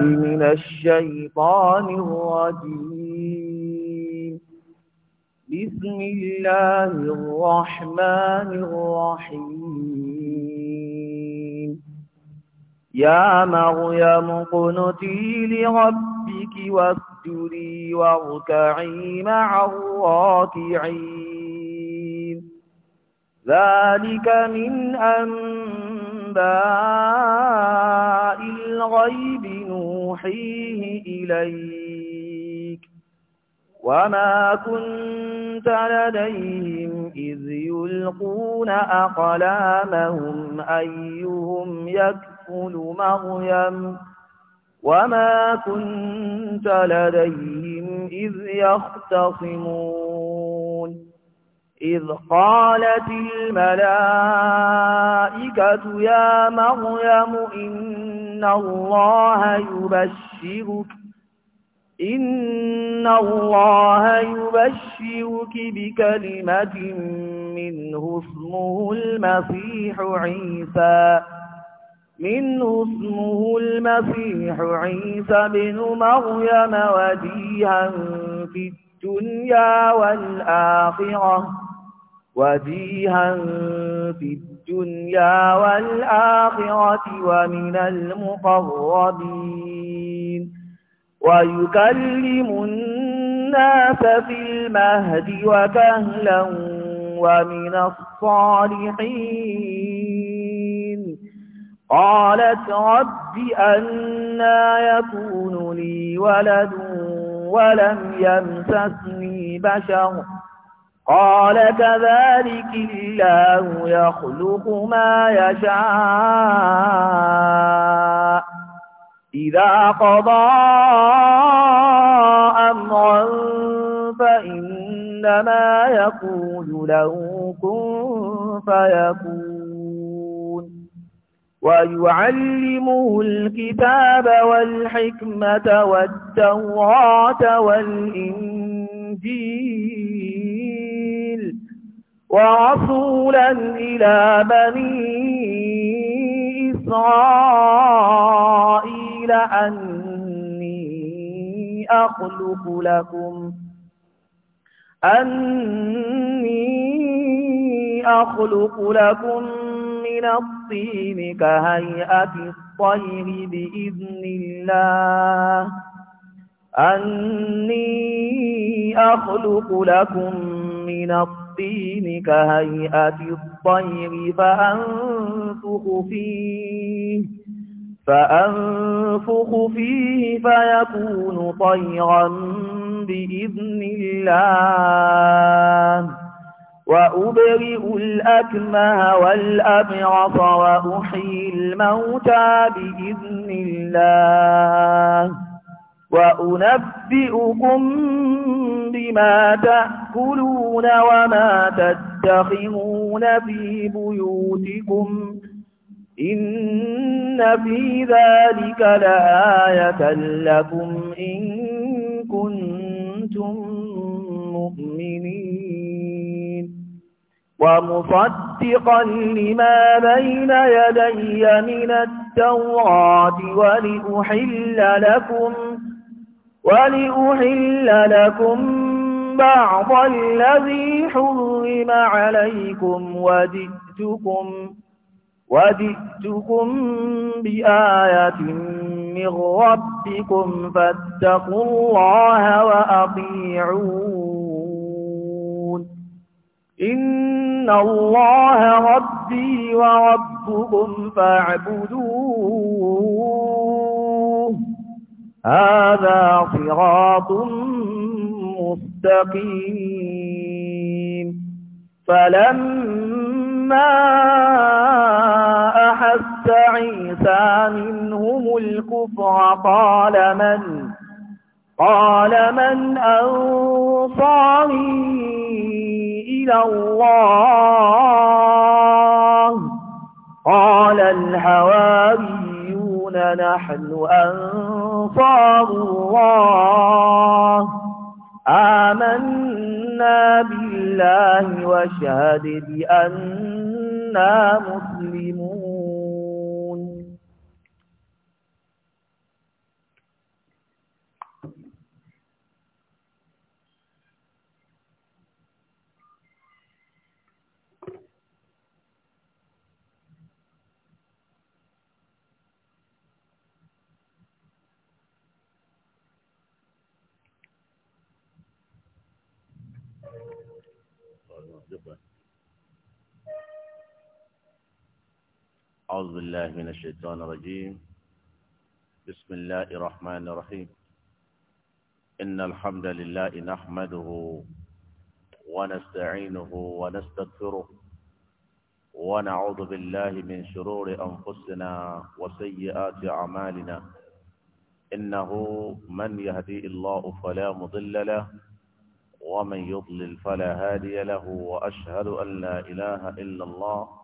من الشيطان الرجيم بسم الله الرحمن الرحيم يا مريم اقنتي لربك واسجدي واركعي مع الراكعين ذلك من أنباء الغيب نوحيه إليك وما كنت لديهم إذ يلقون أقلامهم أيهم يكفل مريم وما كنت لديهم إذ يختصمون إذ قالت الملائكة يا مريم إن الله يبشرك إن الله يبشرك بكلمة منه اسمه المسيح عيسى منه اسمه المسيح عيسى بن مريم وديها في الدنيا والآخرة وجيها في الدنيا والآخرة ومن المقربين ويكلم الناس في المهد وكهلا ومن الصالحين قالت رب أنا يكون لي ولد ولم يمسسني بشر قال كذلك الله يخلق ما يشاء إذا قضى أمرا فإنما يقول له كن فيكون ويعلمه الكتاب والحكمة والتوراة والإنجيل ورسولا إلى بني إسرائيل أني أخلق لكم أني أخلق لكم من الطين كهيئة الطير بإذن الله أني أخلق لكم من الطين الدين كهيئة الطير فأنفخ فيه فأنفخ فيه فيكون طيرا بإذن الله وأبرئ الأكمه والأبرص وأحيي الموتى بإذن الله وأنبئكم بما تأكلون وما تدخرون في بيوتكم إن في ذلك لآية لكم إن كنتم مؤمنين ومصدقا لما بين يدي من التوراة ولأحل لكم ولأحل لكم بعض الذي حرم عليكم وجئتكم وجئتكم بآية من ربكم فاتقوا الله وأطيعون إن الله ربي وربكم فاعبدوه هذا صراط مستقيم فلما أحس عيسى منهم الكفر قال من قال من أنصاري إلى الله قال الحواري نحن أنصار الله آمنا بالله وشهد بأننا مسلمون أعوذ بالله من الشيطان الرجيم بسم الله الرحمن الرحيم إن الحمد لله نحمده ونستعينه ونستغفره ونعوذ بالله من شرور أنفسنا وسيئات أعمالنا إنه من يهدي الله فلا مضل له ومن يضلل فلا هادي له وأشهد أن لا إله إلا الله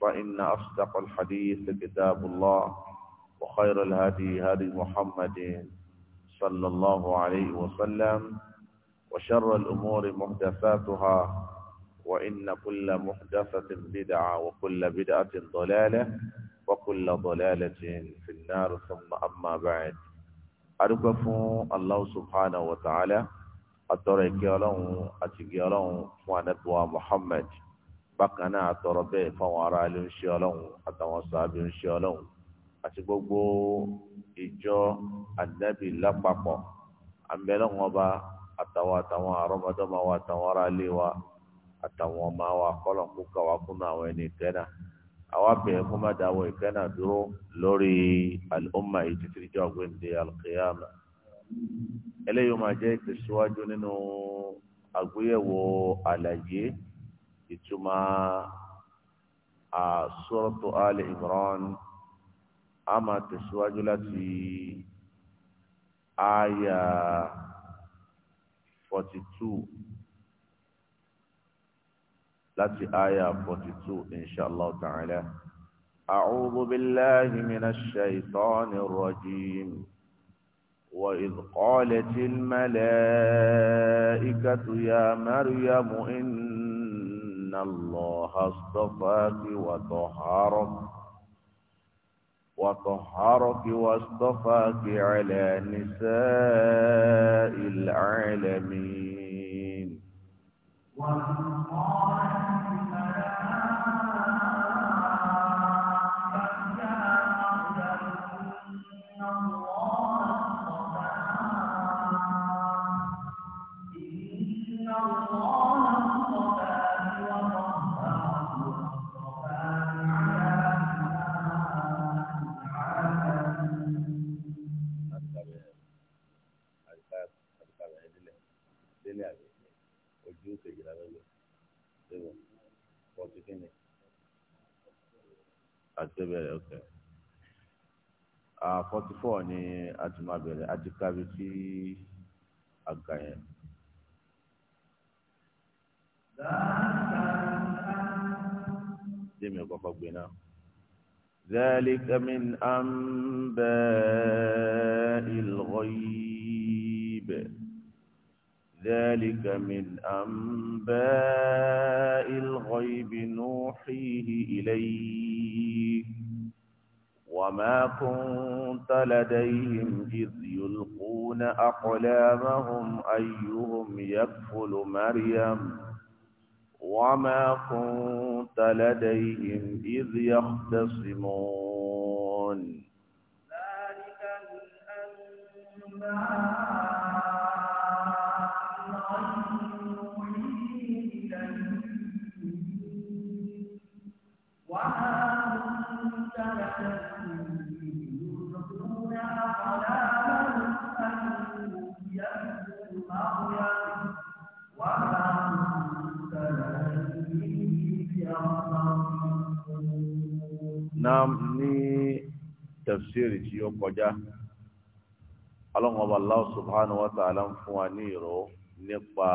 فإن أصدق الحديث كتاب الله وخير الهدي هدي محمد صلى الله عليه وسلم وشر الأمور محدثاتها وإن كل محدثة بدعة وكل بدعة ضلالة وكل ضلالة في النار ثم أما بعد أرقف الله سبحانه وتعالى أتركي لهم أتقي لهم محمد bákan náà àtọ̀rọ̀ bẹ́ẹ̀ fáwọn ará ilé ń ṣe ọlọ́run àtàwọn sàábì ń ṣe ọlọ́run àti gbogbo ìjọ ànábì àtàwọn àtàwọn wa àtàwọn ará ilé wa àtàwọn wa kọ́lọ̀ kó kà àwọn ẹni ìkẹ́ àwa má dúró lórí yìí títí ìjọ eléyìí ó máa ìtumọ̀ suratu Ali Imran a máa tẹ̀síwájú láti àyà 42، two láti àyà forty two inshallah ta'ala. أعوذ بالله من الشيطان الرجيم وإذ قالت الملائكة يا مريم إن الله اصطفاك وطهرك وطهرك واصطفاك على نساء العالمين والله àti bẹ̀rẹ̀ ọ̀kẹ́ forty four ni a ti máa bẹ̀rẹ̀ a ti kábi sí àga yẹn. Jẹ́mi ọ̀kọ́kọ́ gbé náà. ذلك من أنباء الغيب ذلك من أنباء الغيب نوحيه إليك وما كنت لديهم إذ يلقون أقلامهم أيهم يكفل مريم وما كنت لديهم إذ يختصمون ذلك من أنباء Naam ní tafsiri tí ó kọjá, Ọlọ́run Allah subhanahu wa ta'ala ń fún wa ní ìró nípa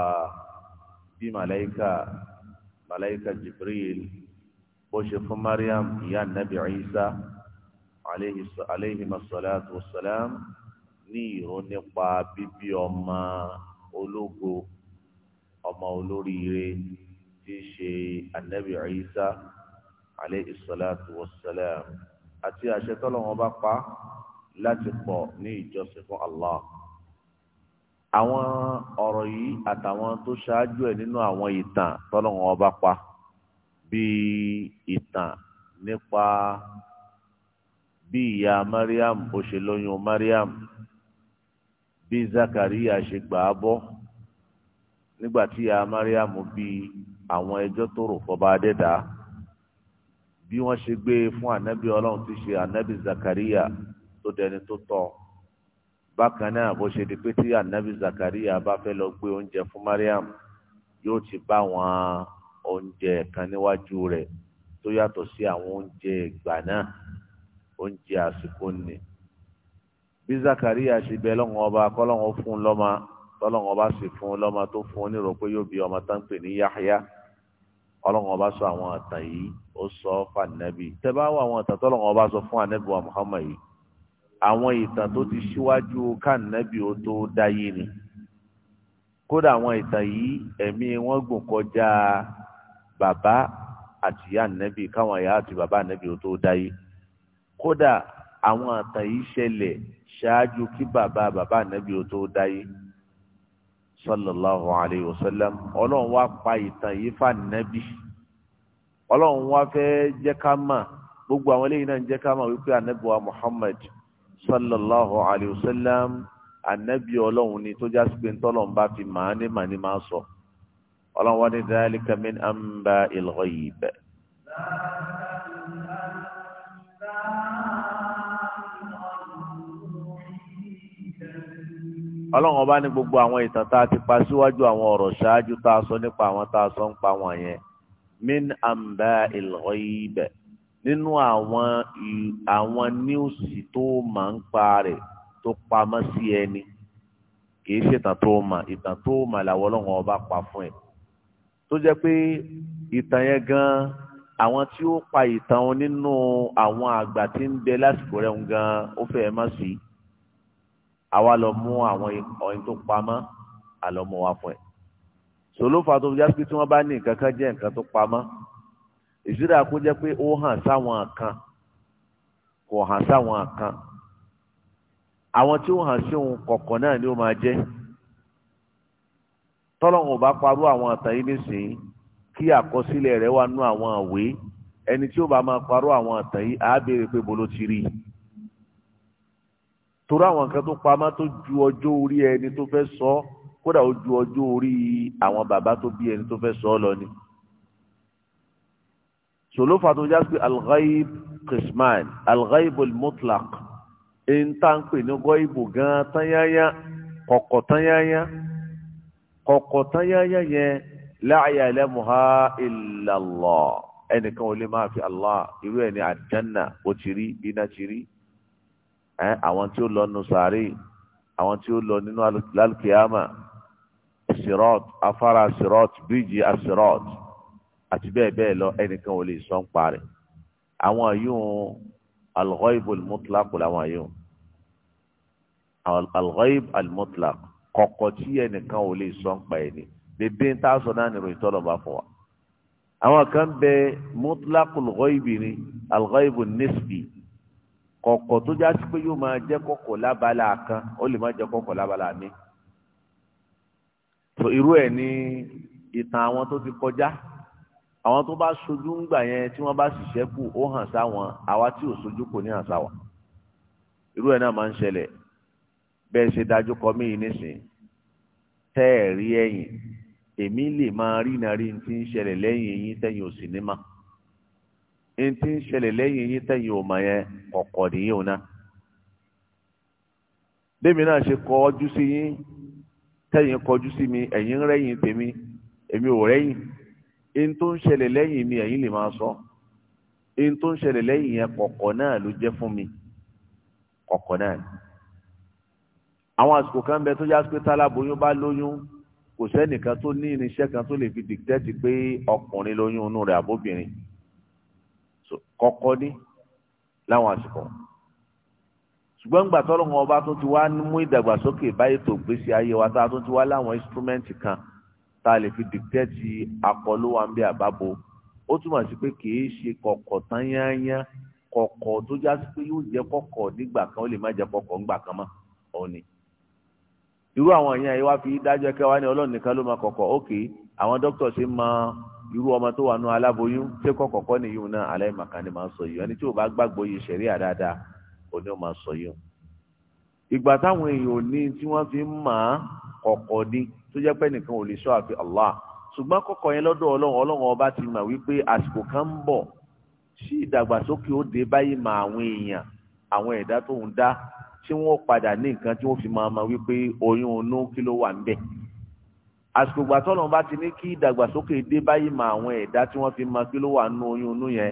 bí màláíkà, màláíkà Jibril bó ṣe fún Mariam ìyá nabi Isa aleyhima salatu wasalam ní ìró nípa bíbí ọmọ ológo ọmọ olóríire tí í ṣe anabi Isa aleyhi salatu wasalam àti àṣẹ tọ́lọ́wọ́n bá pa láti pọ̀ ní ìjọsìn fún Allah àwọn ọ̀rọ̀ yìí àtàwọn tó ṣáájú ẹ̀ nínú àwọn ìtàn tọ́lọ́wọ́n bá pa bí ìtàn nípa bí ìyá mariam bó ṣe lóyún mariam bí zakaria ṣe gbà á bọ́ nígbà tí ìyá mariam bí àwọn ẹjọ́ tó rò fọba adẹ́dá bí wọ́n ṣe gbé e fún ànábì ọlọ́run ti ṣe ànábì zakaria tó dẹni tó tọ́ bákan náà bó ṣe di pé tí ànábì zakaria bá fẹ́ lọ gbé oúnjẹ fún mariam yóò ti bá wọn oúnjẹ kan níwájú rẹ̀ tó yàtọ̀ sí àwọn oúnjẹ ìgbà náà oúnjẹ àsìkò ni bí Zakaria ṣe bẹ lọ́wọ́n ọba kọ́lọ́wọ́n fún lọ́mọ tọ́lọ́wọ́n ọba sì fún lọ́mọ tó fún nírò pé yóò bí ọmọ tán pè ní Yahya ọlọ́wọ́n ọba sọ àwọn àtàn yìí ó sọ fànàbì tẹ́bá wọ àwọn àtàn tọ́lọ́wọ́n ọba sọ fún ànàbì wa Muhammad yìí àwọn ìtàn tó ti ṣíwájú kànàbì ó tó dáyé ni kódà àwọn ìtàn yìí ẹ̀mí wọn gùn bàbá àti ìyá ànẹ́bì káwọn ìyá àti bàbá ànẹ́bì ó tó dáyé kódà àwọn àtàn yìí ṣẹlẹ̀ ṣáájú kí bàbá bàbá ànẹ́bì ó tó dáyé sallallahu alayhi wa sallam ọlọ́run wá pa ìtàn yìí fà ànẹ́bì ọlọ́run wá fẹ́ jẹ́ ká mọ̀ gbogbo àwọn eléyìí náà ń jẹ́ ká mọ̀ wípé ànẹ́bì wa Muhammad sallallahu alayhi wa sallam ànẹ́bì ọlọ́run ni tó jásí pé ntọ́lọ́run bá fi màá ní màá ní máa sọ. So ọlọ́wọ́ ní dhalika min amba il-ghayb. ọlọ́run ọba ní gbogbo àwọn ìtàn tá a ti pa síwájú àwọn ọ̀rọ̀ ṣáájú tá a sọ nípa àwọn tá a sọ ń pa wọn yẹn min amba il-ghayb nínú àwọn àwọn níwùsì tó máa ń pa rẹ̀ tó pamọ́ sí ẹni kì í ṣètàn tó mà ìtàn tó mà làwọn ọlọ́run ọba pa fún ẹ̀ tó jẹ́ pé ìtàn yẹn gan àwọn tí ó pa ìtàn wọn nínú àwọn àgbà tí ń bẹ lásìkò rẹ̀ ń gan ó fẹ́ má sí àwa lọ mú àwọn ọyìn tó pamọ́ àlọ́mọ wa fún ẹ̀ sòlófà tó jẹ́ pé tí wọ́n bá ní nǹkan kan jẹ́ nǹkan tó pamọ́ ìṣúra kó jẹ́ pé ó hàn sáwọn kan kò hàn sáwọn kan àwọn tí ó hàn sí òun kọ̀ọ̀kan náà ni ó máa jẹ́ tọ́lọ́hún bá parú àwọn àtàn yìí nísìnyí kí àkọsílẹ̀ rẹ̀ wà nú àwọn àwé ẹni tí ó bá máa parú àwọn àtàn yìí á béèrè pé bolo ti rí i torí àwọn nǹkan tó pamọ́ tó ju ọjọ́ orí ẹni tó fẹ́ sọ ọ́ kódà ó ju ọjọ́ orí àwọn bàbá tó bí ẹni tó fẹ́ sọ ọ́ lọ ni. sòló fàtó já alghaib qisman alghaib mutlaq ń tà ń pè ní gọ́ìbù gan-an tányányá kọ̀kọ̀ tányányá kọ̀kọ̀ tán yáyá yẹn láàyè lẹ́mùhá ìlàlọ́ ẹnìkan ò lè máa fi Allah irú ẹ̀ ní àjánà ó ti rí iná ti rí ẹ àwọn tí ó lọ nínú sàárè àwọn tí ó lọ nínú lálùkìyàmà sirot afárá sirot bíríjì asirot àti bẹ́ẹ̀ bẹ́ẹ̀ lọ ẹnìkan ò lè sọ ń parẹ́ àwọn yìí al-ghaib al-mutlaq kọ̀kọ̀ tí ẹnìkan ò lè sọ ń pa ẹ̀ ni bèbè ń tà sọ náà nìròyìn tọ́lọ̀ bá fún wa. àwọn kan bẹ mutlaqul ghaibi ni al-ghaibu nisbi kọ̀kọ̀ tó já sí pé yóò máa jẹ́ kọ̀kọ̀ lábala kan ó lè má jẹ́ kọ̀kọ̀ lábala mi. tó irú ẹ̀ ní ìtàn àwọn tó ti kọjá àwọn tó bá sojú ń gbà yẹn tí wọ́n bá sì ṣẹ́kù ó hàn sáwọn àwa tí ò sojú kò ní hàn sáwọn irú ẹ̀ náà máa ń ṣẹlẹ̀ bẹ́ẹ̀ ṣe dájú kọ mí nísìn tẹ́ ẹ̀ rí ẹ̀yìn èmi lè máa rí nàrí ní ti ń ṣẹlẹ̀ lẹ́yìn yín tẹ́yìn ò sì ní mà ní ti ń ṣẹlẹ̀ lẹ́yìn yín tẹ́yìn ò mà yẹn kọ̀kọ̀ nìyẹn ò ná. bẹ́ẹ̀mi náà ṣe kọjú sí yín tẹ́yìn kọjú sí mi ẹ̀yin rẹ́yìn tèmi èmi ò rẹ́yìn ní tó ń ṣẹlẹ̀ lẹ́yìn mi ẹ̀yin lè máa sọ ní tó ń ṣẹlẹ̀ lẹ́yìn yẹn kọ̀kọ̀ náà ló jẹ́ fún mi kọ̀kọ̀ náà àwọn àsìkò kan bẹ tó yá pé táláboyún bá lóyún kò sẹ́nìkan tó ní irinṣẹ́ kan tó lè fi dìgítẹ́tì pé ọkùnrin lóyún inú rẹ̀ àbóbìnrin kọ́kọ́ ní láwọn àsìkò ṣùgbọ́n gbà tọ́lọ́wọ́n ọba tó ti wá mú ìdàgbàsókè báyìí tó gbèsè ayé wa tá a tó ti wá láwọn instrumenti kan tá a lè fi dìgítẹ́tì akọlówàmbé àbábo ó túmọ̀ sí pé kìí ṣe kọ̀kọ̀ tán yányá kọ̀kọ̀ tó já sí pé yóò jẹ́ kọ̀kọ̀ nígbà kan ó lè má jẹ́ kọ̀kọ̀ ńgbà kan mọ́ òun irú àwọn yẹn ẹ wá fi dájọ́ kẹwàá ní ọlọ́run nìkan ló máa kọ̀kọ̀ ókè àwọn dókítà ṣe máa irú ọmọ tó wà nù aláboyún ṣé kọ́ kọ̀kọ́ nìyí náà aláìmọ̀ká ni máa ń sọ yìí ẹni tí ò bá gbàgbọ́ yìí ṣẹ̀ríà dáadáa òní ò máa sọ yìí. ìgbà táwọn èèyàn ní tí wọ́n fi ń mà á ni tó jẹ́ pé nìkan ò lè sọ àfi Allah ṣùgbọ́n kọ̀kọ̀ yẹn lọ́dọ̀ ọlọ́run ọlọ́run ọba ti mà wípé àsìkò kan ń bọ̀ sí ìdàgbàsókè ó dé tí wọ́n padà ní nǹkan tí wọ́n fi máa ma wípé oyún inú kí ló wà ń bẹ̀. àsìkò ìgbà tọ́lọ̀ bá ti ní kí ìdàgbàsókè dé báyìí mọ àwọn ẹ̀dá tí wọ́n fi máa kí ló wà nínú oyún inú yẹn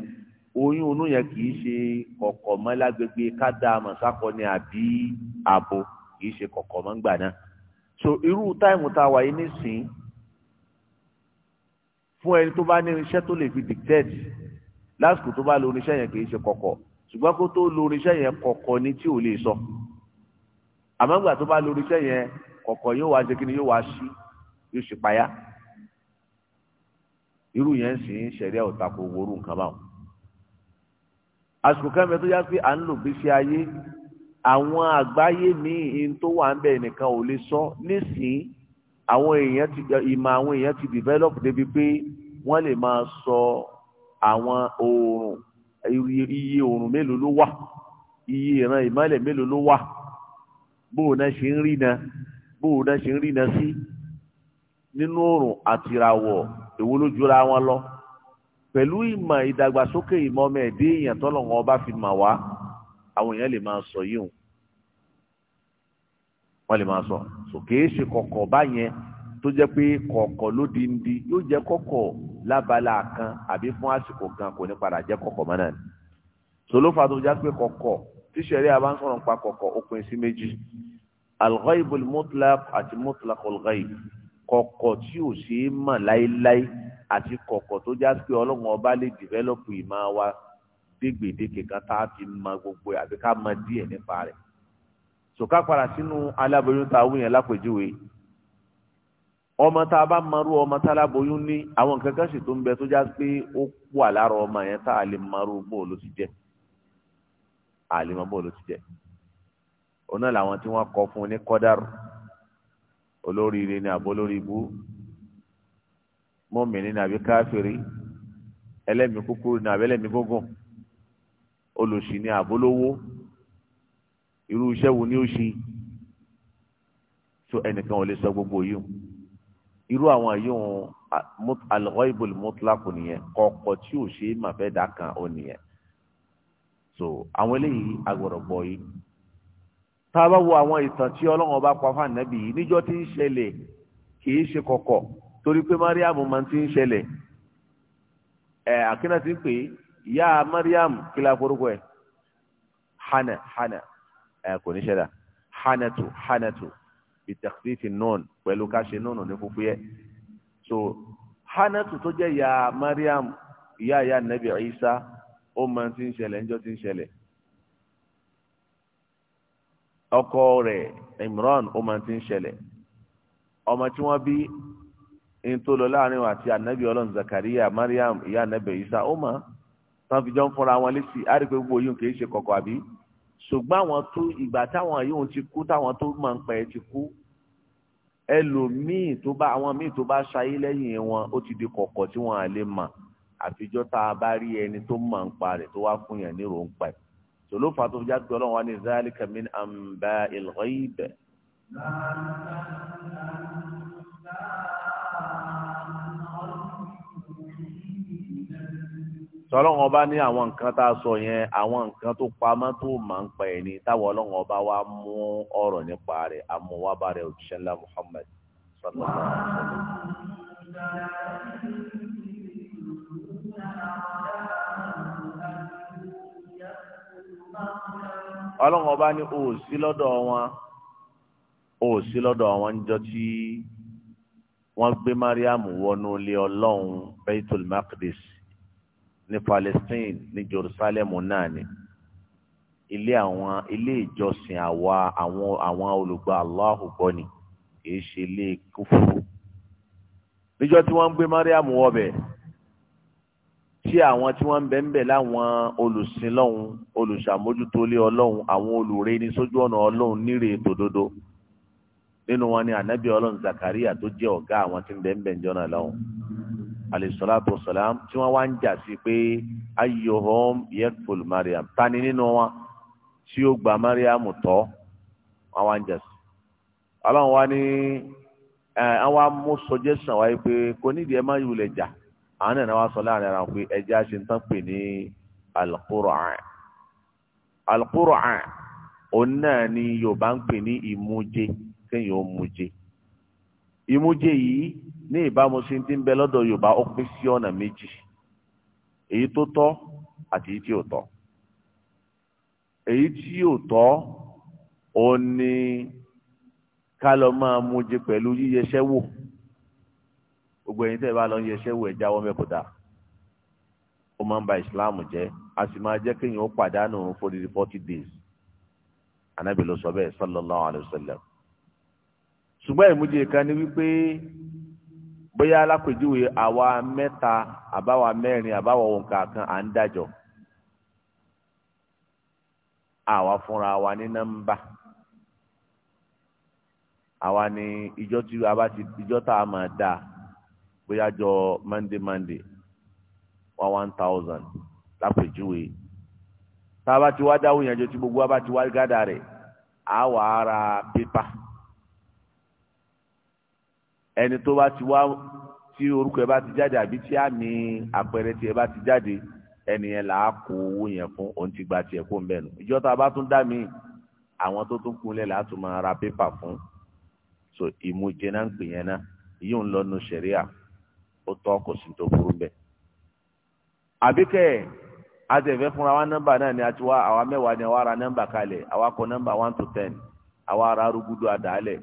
oyún inú yẹn kì í ṣe kọ̀kọ̀ mọ́ lágbègbè kádà mọ̀sákọ ni àbí àbò kì í ṣe kọ̀kọ̀ mọ́ ńgbà náà. so irú táìmù tá a wà yìí nísìnyí fún ẹni tó bá ní irinṣẹ́ tó lè fi dictate lásìkò tó bá lo irinṣẹ́ yẹn kì í ṣe kọ̀kọ̀ ṣùgbọ́n kó tó lo irinṣẹ́ yẹn kọ̀kọ̀ ni tí ò lè sọ àmọ́ ìgbà tó bá lo irinṣẹ́ yẹn kọ̀kọ̀ yóò wá ṣe kí ni yóò wá ṣí yóò ṣe payá irú yẹn sì ń ṣẹ̀ríà ò tako wóoru nǹkan báwọn. àsìkò kẹ́mi tó yá pé à ń lò gbèsè ayé àwọn àgbáyé míì tó wà ń bẹ̀ nìkan ò lè sọ nísìnyí àwọn èèyàn ti ìmọ̀ àwọn èèyàn ti develop débi pé wọ́n lè máa sọ àwọn oòrùn iye oòrùn mélòó ló wà iye ìran ìmọ́lẹ̀ mélòó ló wà bóun ṣe ń rìnà bóun ṣe ń rìnà sí nínú oòrùn àtìràwọ̀ èwo ló jura wọn lọ pẹ̀lú ìmọ̀ ìdàgbàsókè ìmọ̀ ọmọ ẹ̀dẹ́ èèyàn tọ́lọ́wọ́n ọba fi mà wá àwọn èèyàn lè máa sọ yìí o ma lè máa sọ sòkè é ṣe kọ̀kọ̀ báyẹn tó jẹ́ pé ló di ń di yóò jẹ́ lábala kan àbí fún àsìkò kan kò ní padà jẹ́ kọ̀kọ̀ mọ́ náà ni solofa tó já pé kọ̀kọ̀ tí sẹ̀rí àbá ń sọ̀rọ̀ pa kọ̀kọ̀ ó pín sí méjì al-ghaibul mutlaq àti mutlaqul ghaib kọ̀kọ̀ tí ò sí mọ̀ láéláé àti kọ̀kọ̀ tó já pé ọlọ́run ọba lè dìvẹ́lọ́pù ìmọ̀ wa dégbèdéke kan tá a fi mọ gbogbo àbí ká mọ díẹ̀ nípa rẹ̀ sòká padà sínú aláboyún tá a wú lápèjúwe ọmọ tá a bá marú ọmọ tá a láboyún ní àwọn nǹkan kan ṣètò ń bẹ tó já pé ó wà lára ọmọ yẹn tá a lè marú bóòlù ti jẹ a lè mọ bóòlù ti jẹ òun náà làwọn tí wọ́n kọ fún un ní kọdàrú olóríire ni àbó lórí ibú mọ́mìnrin ni àbí káfíìrì ẹlẹ́mìí kúkúrú ni àbí ẹlẹ́mìí gúngùn olùsì ni àbó lówó irú iṣẹ́ wo ni ó ṣe so ẹnìkan ò lè sọ gbogbo yìí irú àwọn yóò al-ghaibul mutlaq nìyẹn kọ̀ọ̀kọ̀ tí ò ṣe é mà fẹ́ dà kan ó nìyẹn so àwọn eléyìí agbọ̀dọ̀ gbọ́ yìí tá a bá wo àwọn ìtàn tí ọlọ́run bá pa fún ànábì yìí níjọ́ tí ń ṣẹlẹ̀ kì í ṣe kọ̀kọ̀ torí pé mariam máa ti ń ṣẹlẹ̀ ẹ akínà ti ń pè é ìyá mariam kí forúkọ ẹ hana hana ẹ kò ní ṣẹlẹ̀ hanatu hanatu ìtẹ̀kífì nọ́ọ̀n pẹ̀lú ká ṣe nọ́ọ̀nù ní fúfú yẹ. so hanatu tó jẹ́ ìyá mariam ìyá ìyá nabi isa ó mọ tí ń ṣẹlẹ̀ ńjọ́ tí ń ṣẹlẹ̀ ọkọ rẹ̀ imran ó mọ tí ń ṣẹlẹ̀ ọmọ tí wọ́n bí ń tó lọ láàrin àti anabi ọlọ́run zakariya mariam ìyá nabi isa ó mọ tán fi jọ ń fúnra wọn létí á rí i pé gbogbo yìí kì í ṣe kọ̀kọ̀ àbí ṣùgbọ́n àwọn tó ìgbà táwọn yìí ti kú táwọn tó máa ń pẹ́ ti kú ẹlòmíì tó bá àwọn míì tó bá ṣayé lẹ́yìn wọn ó ti di kọ̀kọ̀ tí wọ́n á lè mọ̀ àfijọ́ tá a bá rí ẹni tó mọ̀ ń pa tó wá fún yàn ní ròǹpa ẹ̀ tòló fa tó fi já ní zalika min amba il ghaib. sọlọ́wọ́n ọba ní àwọn nǹkan tá a sọ yẹn àwọn nǹkan tó pamọ́ tó máa ń pa ẹ̀ ní táwọn ọlọ́wọ́n ọba wa mú ọ̀rọ̀ nípa rẹ̀ àmúwábà rẹ̀ òjíṣẹ́ ńlá Muhammad sallallahu alaihi wasallam. ọlọ́wọ́n ọba ní òòsí lọ́dọ̀ wọn òòsí lọ́dọ̀ wọn ń jọ tí wọ́n gbé Mariam wọnú ilé ọlọ́run Baitul Maqdis ní Palestine ní Jerusalem náà ni ilé àwọn ilé ìjọsìn àwa àwọn àwọn olùgbà Allahu gbọ́ ni kì í ṣe ilé kúfùrù níjọ́ tí wọ́n ń gbé Mariam wọbẹ̀ tí àwọn tí wọ́n ń bẹ̀ǹbẹ̀ láwọn olùsìn lọ́hùn olùṣàmójútó lé ọlọ́hùn àwọn olùre ní sójú ọ̀nà ọlọ́hùn nírè tòdodo nínú wọn ni ànábì ọlọ́hùn Zakaria tó jẹ́ ọ̀gá àwọn tí ń bẹ̀ǹbẹ̀ ń jọ́nà lọ́hùn alayisalaatu wasalaam tí wọ́n wá ń jà sí pé ayyuhum yakful mariam tani nínú wọn tí ó gba mariam tọ́ wọ́n wá ń jà sí. ọlọ́run wá ní ẹ àwọn amú suggestion wáyé pé kò nídìí ẹ má yù lẹ̀ jà àwọn náà wá sọ láàrin ara wọn pé ẹjẹ́ àṣẹ ń tán pè ní al-Qur'an al-Qur'an òun náà ni yorùbá ń pè ní ìmújẹ kéèyàn ó mújẹ ìmújẹ yìí ní ìbámu sí ti ń bẹ lọ́dọ̀ Yorùbá ó pín sí ọ̀nà méjì èyí tó tọ́ àti èyí tí ò tọ́ èyí tí ò tọ́ ó ní ká lọ máa mújẹ pẹ̀lú yíyẹsẹ́ wò gbogbo ẹ̀yin tẹ́ bá lọ yẹsẹ́ wò ẹ jáwọ́ mẹ́kọ̀dá ó máa ń ba Islam jẹ́ a sì máa jẹ́ kéèyàn ó pàdánù fún forty days Ànábì ló sọ bẹ́ẹ̀ sallallahu alayhi wa sallam ṣùgbọ́n ìmúdìí kan ni wípé bóyá alápèjúwe àwa mẹ́ta àbáwa mẹ́rin àbáwa òǹkà kan à ń dájọ́ àwa fúnra wa ní nọ́mbà àwa ni ìjọ tí a bá ti ìjọ tá a máa dá bóyá jọ monday monday one one thousand lápèjúwe tá a bá ti wá dáhùn yẹn jọ tí gbogbo wa bá ti wá gádà rẹ̀ àwa ara pépà ẹni tó bá ti wá tí orúkọ ẹ bá ti jáde àbí tí àmì àpẹẹrẹ tí ẹ bá ti jáde ẹni yẹn là á kó owó yẹn fún òun ti gba tiẹ̀ kó ń bẹ̀nu ìjọ a bá tún dá mi àwọn tó tún kúnlẹ̀ là máa ra pépà fún so ìmújẹ náà ń pè yẹn náà yóò ń lọ nu sẹ̀ríà ó tọ́ kò sí tó burú bẹ́ẹ̀. àbíkẹ́ àtẹ̀fẹ́ fúnra wa nọ́mbà náà ni a ti wá àwa mẹ́wàá ni àwa ra nọ́mbà kalẹ̀ àwa kọ nọ́mbà one to ten àwa ara arúgúdú àdáálẹ̀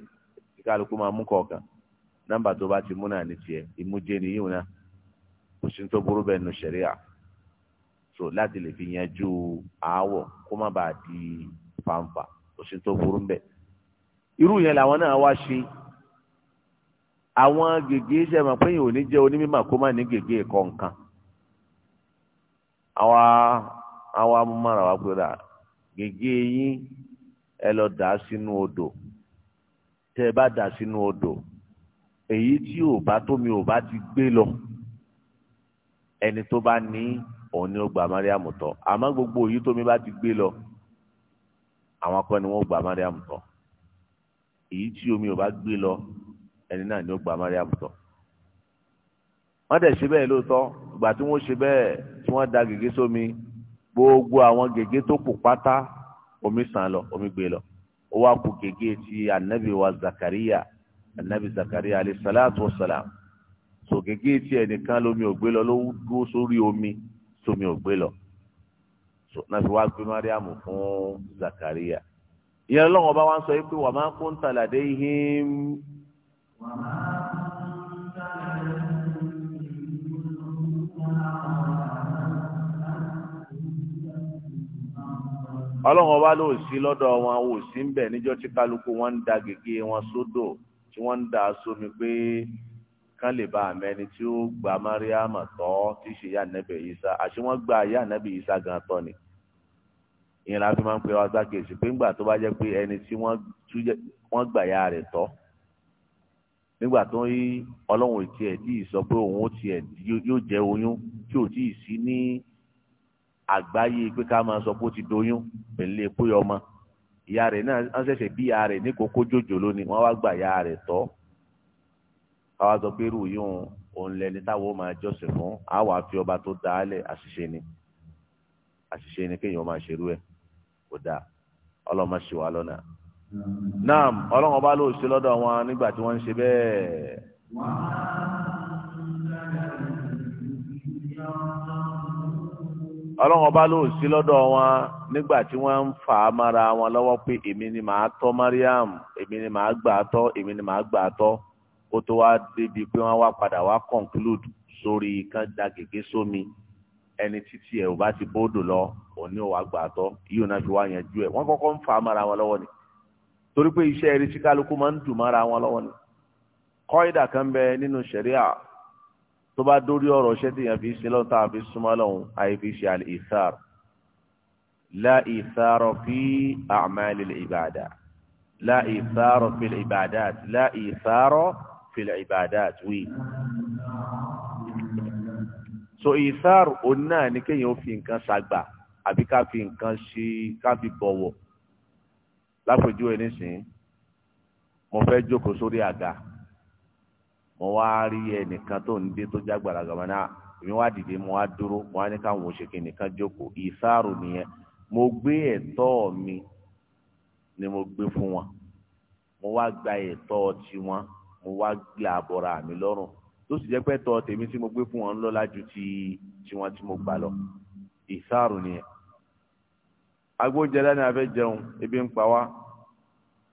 kíkálukú máa mú kọ̀ọ̀kan nọ́mbà tó bá ti mú náà ní tiẹ̀ ìmújẹ nìyí wọn kò sí tó burú bẹ́ẹ̀ nu ṣẹ̀ríà so láti lè fi yanjú aáwọ̀ kó má bàa di fanfa kò sí tó burú bẹ́ẹ̀ irú yẹn làwọn náà wá ṣe àwọn gègé sẹ́mi péyìn ò ní jẹ́ onímọ̀ kó má ní gègé ẹ̀kọ́ àwa àwa mọ́ra wa pé rà gègé yín ẹ lọ dà sínú odò tẹ́ ẹ bá dà sínú odò èyí tí ò bá tómi ò bá ti gbé lọ ẹni tó bá ní òun ni ó gba mariam tọ àmọ́ gbogbo èyí tómi bá ti gbé lọ àwọn akọ ni wọ́n gba mariam tọ èyí tí omi ò bá gbé lọ ẹni náà ni ó gba mariam tọ wọ́n dẹ̀ ṣe bẹ́ẹ̀ lóòótọ́ ìgbà tí wọ́n ṣe bẹ́ẹ̀ tí wọ́n da gègé sómi gbogbo àwọn gègé tó kù pátá omi sàn lọ omi gbé lọ ó wá kù gègé ti anabi wa zakariya anabi Zakaria alayhi salatu salam so gẹ́gẹ́ tí ẹnìkan lómi ò gbé lọ ló dúró sórí omi tómi ò lọ so náà fi wá gbé mariamu fún Zakaria ìyẹn lọ́wọ́ bá wá ń sọ yìí pé wa ma kunta ladaihim. ọlọ́run ọba ló sí lọ́dọ̀ wọn ò sí ń bẹ̀ níjọ́ tí kálukú wọn ń da gègé wọn sódò. So tí wọ́n ń dà á sómi pé kán lè bá àmẹ́ni tí ó gba Mariama tọ́ tí ṣe yá nẹ́bẹ̀ Isa àṣé wọ́n gba yá nẹ́bẹ̀ Isa gan tọ́ ni ìyẹn la fi máa ń pe wá sákèsì pé ńgbà tó bá jẹ́ pé ẹni tí wọ́n gbà ya rẹ̀ tọ́ nígbà tó ń yí ọlọ́run ìtì ẹ̀ tí ì sọ pé òun ó tiẹ̀ yóò jẹ́ oyún tí ò tí ì sí ní àgbáyé pé ká máa sọ pé ó ti doyún pẹ̀lú epo yọ ọmọ ìyá rẹ̀ náà wọ́n ṣẹ̀ṣẹ̀ bí ìyá rẹ̀ ní kókó jòjò lónìí wọ́n wá gba ìyá rẹ̀ tọ́ àwa sọ pé irú yìí òun lẹni táwọn máa jọ́sìn fún àwa fi ọba tó dá a lẹ̀ àṣìṣe ni àṣìṣe ni kéèyàn máa ṣerú ẹ̀ kò dáa ọlọ́run máa ṣe wá lọ́nà. naam ọlọ́run ọba ló ṣe lọ́dọ̀ wọn nígbà tí wọ́n ń ṣe bẹ́ẹ̀. wàá ọlọ́run ọba ló sí lọ́dọ̀ wọn nígbà tí wọ́n ń fà á mára wọn lọ́wọ́ pé èmi ni màá tọ́ Mariam èmi ni màá gbà á tọ́ èmi ni màá gbà á tọ́ kó tó wá débi pé wọ́n wá padà wá conclude sórí kan da gègé sómi ẹni títí ẹ̀ ò bá ti bóódò lọ òun ni ò wá gbà á tọ́ yóò náà fi wá yanjú ẹ̀ wọ́n kọ́kọ́ ń fà á mára wọn lọ́wọ́ ni torí pé iṣẹ́ eré tí kálukú máa ń dùn mára wọn lọ́wọ́ ni kọ́ìdà kan bẹ nínú ṣẹ̀ríà tó bá dórí ọ̀rọ̀ ṣẹ́ tí yẹn fi ṣe lọ́wọ́ tá a fi súnmọ́ lọ́wọ́ àyè fi ṣe al-ithar la ithar fi a'mal al-ibada la ithar fi al la ithar fi al wí. so ithar òun náà ni kéèyàn ó fi nǹkan ṣàgbà àbí ká fi nǹkan ṣe ká fi bọ̀wọ̀ lápèjúwe nísìnyí mo fẹ́ jókòó sórí àga. So, mo wá rí ẹnìkan tó ń dé tó já gbàràgàmà náà èmi wá dìde mo wá dúró mo wá ní káwọn òṣèké nìkan jókòó ìsáàrò nìyẹn mo gbé ẹ̀tọ́ mi ni mo gbé fún wọn mo wá gba ẹ̀tọ́ wọn mo wá gbé àbọ̀ra mi lọ́rùn tó sì jẹ́ pé ẹ̀tọ́ tèmi tí mo gbé fún wọn lọ́lá ju ti tiwọn tí mo gbà lọ ìsáàrò nìyẹn agbójẹlá ni a fẹ́ jẹun ebi ń pa wá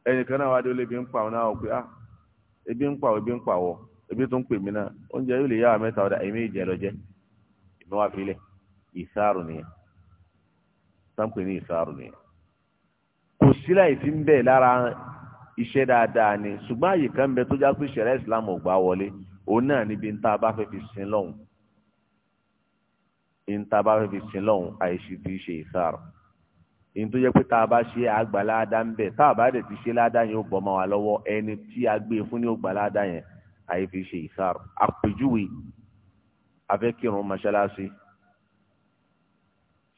ẹnìkan náà wá dé ó lé ebi ń pa ọ náà ọ pé ah ebi ń pa ọ ebi ń pa ọ. ebi tó ń pè mí náà oúnjẹ yóò lè yá wa mẹ́ta ọ̀dà ẹ̀mí ìjẹ́ lọ jẹ́ ìmọ̀ wá filẹ̀ ìsáàrù nìyẹn sáǹpì ní ìsáàrù nìyẹn kò sílẹ̀ ìfi ń bẹ̀ lára iṣẹ́ dáadáa ni ṣùgbọ́n àyè kan bẹ tó já pé ṣẹ̀rẹ́ ìsìlámù ò gbà wọlé òun náà níbi ń tá bá fẹ́ fi sin lọ́hùn ń tá bá fẹ́ fi sin lọ́hùn àìsí fi ṣe ìsáàrù èyí tó jẹ́ pé tá a bá ṣe àgbàláadá ń bẹ̀ tá a bá dẹ̀ ti ṣe láadá yẹn ó bọ́ mọ́ wa lọ́wọ́ ẹni tí a gbé fún ní ó gbàláadá yẹn àyè fi ṣe ìsáàrù àpèjúwe afẹ́kírun mọ́ṣáláṣí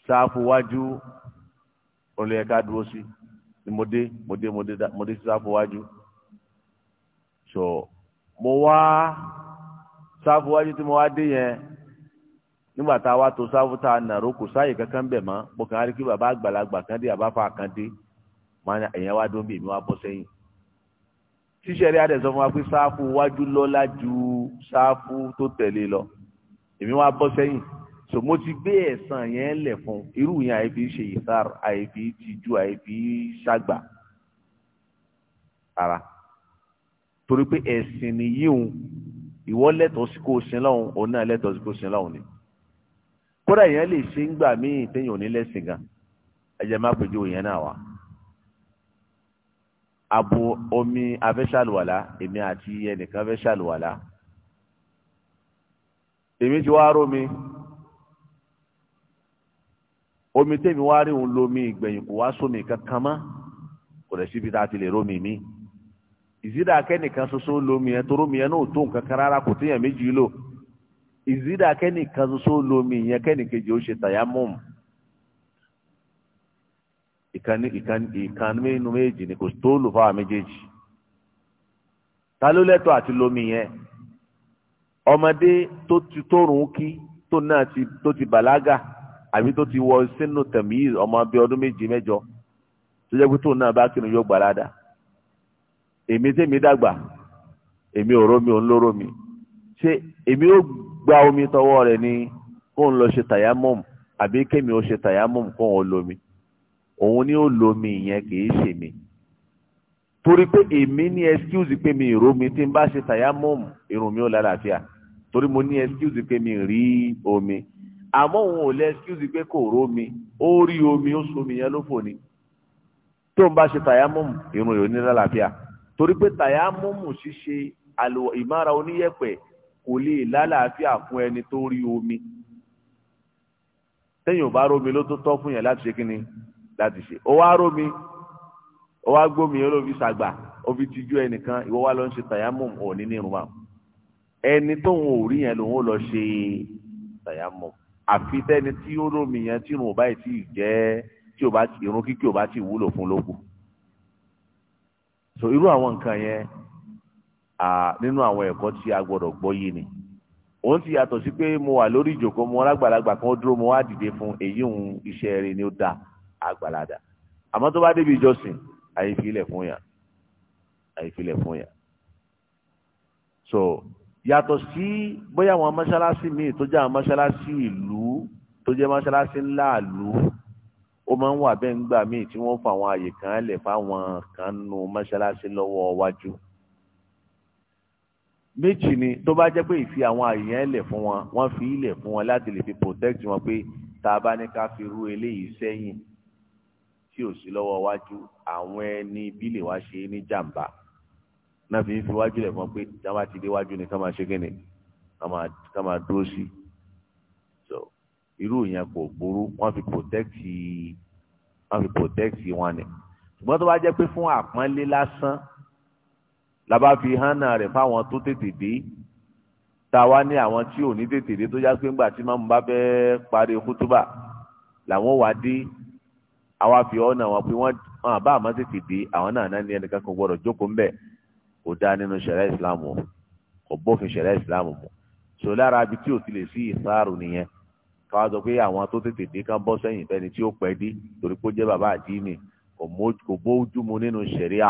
sáàfù wájú olùyẹ ká dúró sí ni mo dé mo dé mo dé sí sáàfù wájú so mo wá sáàfù wájú tí mo wá dé yẹn nígbà tá a wá to sáàfù tá a nàró kò sáàyè kankan bẹ̀ mọ́ mo kàn bàbá àgbàlagbà kan dé àbáfà kan dé wọn èèyàn wá dó bí èmi wá bọ́ sẹ́yìn tíṣẹ̀rí àdẹ̀sọ fún wa pé sáfù wájú lọ́lá ju sáfù tó tẹ̀lé lọ èmi wá bọ́ sẹ́yìn so mo ti gbé ẹ̀sán yẹn lẹ̀ fún irú yẹn àyè fi ṣe ìsar àyè fi tijú àyè fi ṣàgbà ara torí pé ẹ̀sìn nìyí òun ìwọ lẹ́tọ̀ọ́ sí kó o sin lọ́hùn òun náà lẹ́tọ̀ọ́ sí kó o sin lọ́hùn ni kódà yẹn lè ṣe ń gbà míì téèyàn ò ní lẹ́sìn gan ẹ̀jẹ̀ má pèjú òun yẹn náà wá abo omi afẹ́ṣàlùwàlá èmi àti ẹnìkan fẹ́ṣàlùwàlá èmi ti wá rómi omi tèmi wá rí òun lomi ìgbẹ̀yìn kò wá sómi kankan mọ́ kò lè síbi tá a ti lè rómi mi ìzídà kẹ́nìkan ṣoṣo lomi yẹn tó rómi yẹn náà tó nǹkan kan rárá kò téèyàn méjì lò ìzídà kẹ́nìkan ṣoṣo lomi yẹn kẹ́nìkejì ó ṣe tàyámọ́mù ìkànnì ìkànnì inú méjì ni kò tó lò fáwọn méjèèjì ta ló lẹ́tọ̀ àti lomi yẹn ọmọdé tó ti tóorùn kí tó náà ti tó ti bàlágà àbí tó ti wọ sínú tẹ̀mí ọmọ bíi ọdún méje mẹ́jọ tó jẹ́ pé tóun náà bá kírun yóò gbà ládàá èmi tèmi dàgbà èmi ò rómi ò ń lóró mi ṣé èmi ò gba omi tọwọ́ rẹ̀ ni kóun lọ ṣe tàyámọ́mù àbí kémi ò ṣe tàyámọ́mù kóun ò lómi òun ni ó lo mi ìyẹn kì í ṣe mi torí pé èmi ní excuse pé mi ìró mi tí n bá ṣe tàyámọ́ọ̀mù irun mi ò lálàáfíà torí mo ní excuse pé mi rí omi àmọ́ òun ò lẹ́ excuse pé kò ró mi ó rí omi ó so mi yẹn ló fò ni tó n bá ṣe tàyámọ́ọ̀mù irun yóò ní lálàáfíà torí pé tàyámọ́ọ̀mù ṣíṣe ìmára oníyẹ̀pẹ̀ kò lè lálàáfíà fún ẹni tó rí omi tẹ́yìn ò bá rómi ló tó tọ́ fún yẹn láti ṣe kí ni láti ṣe ó wá rómi ó wá gbómi olóbi ṣàgbà ó fi tijú ẹnìkan ìwọ wá lọ ń ṣe tàyámù ò ní ní irunmọ ẹni tóun ò rí yẹn lòun ò lọ ṣe tàyámù àfi tẹni tí ó rómi yẹn tí irun ò báyìí tí jẹ tí ò bá irun kíkì ò bá ti wúlò fún lóko so irú àwọn nǹkan yẹn nínú àwọn ẹ̀kọ́ tí a gbọ́dọ̀ gbọ́ yìí ni òun ti yàtọ̀ sí pé mo wà lórí ìjòkó mo lágbàlagbà kan ó dúró mo wá dìde fún èyí òun iṣẹ́ rẹ̀ ni ó dáa àgbàládà àmọ́ tó bá débi ìjọsìn àyè fún yà àyè fún yà so yàtọ̀ sí bóyá àwọn mọ́ṣáláṣí míì tó jẹ́ àwọn mọ́ṣáláṣí ìlú tó jẹ́ mọ́ṣáláṣí ńlá ìlú ó máa ń wà bẹ́ẹ̀ ńgbà míì tí wọ́n fa àwọn àyè kan lẹ̀ fáwọn kan nu mọ́ṣáláṣí lọ́wọ́ wájú méjì ni tó bá jẹ́ pé ìfi àwọn àyè yẹn lẹ̀ fún wọn wọ́n fi í fún wọn láti lè fi protect wọn pé tá a bá ní ká fi rú eléyìí sẹ́yìn tí ò sí lọ́wọ́ wájú àwọn ẹni bí lè wá ṣe ní jàǹbá náà fi ń fi wájú rẹ̀ mọ́ pé jàǹbá ti dé wájú ni ká máa ṣe kíni ká máa dúró sí i so irú yẹn kò burú wọ́n fi protect wọ́n fi protect wọn ni ṣùgbọ́n tó bá jẹ́ pé fún àpọ́nlé lásán la bá fi hánà rẹ̀ fáwọn tó tètè dé tá a wá ní àwọn tí ò ní tètè dé tó já pé ńgbà tí màmú bá fẹ́ parí kútúbà làwọn wá dé àwa fi ọ́ náà wọ́n pé wọ́n bá àmọ́ tètè dé àwọn náà náà ní ẹnìkan kan gbọ́dọ̀ jókòó ńbẹ̀ kò dáa nínú ṣẹ̀rẹ́ ìsìláàmù kò bófin ṣẹ̀rẹ́ ìsìláàmù mu sọ lára ibi tí ò ti lè sí ìsáàrù nìyẹn káwá sọ pé àwọn tó tètè dé kán bọ́ sẹ́yìn fẹ́ni tí ó pẹ́ dé torí pé ó jẹ́ bàbá àdínì kò bójú mu nínú ṣẹ̀ríà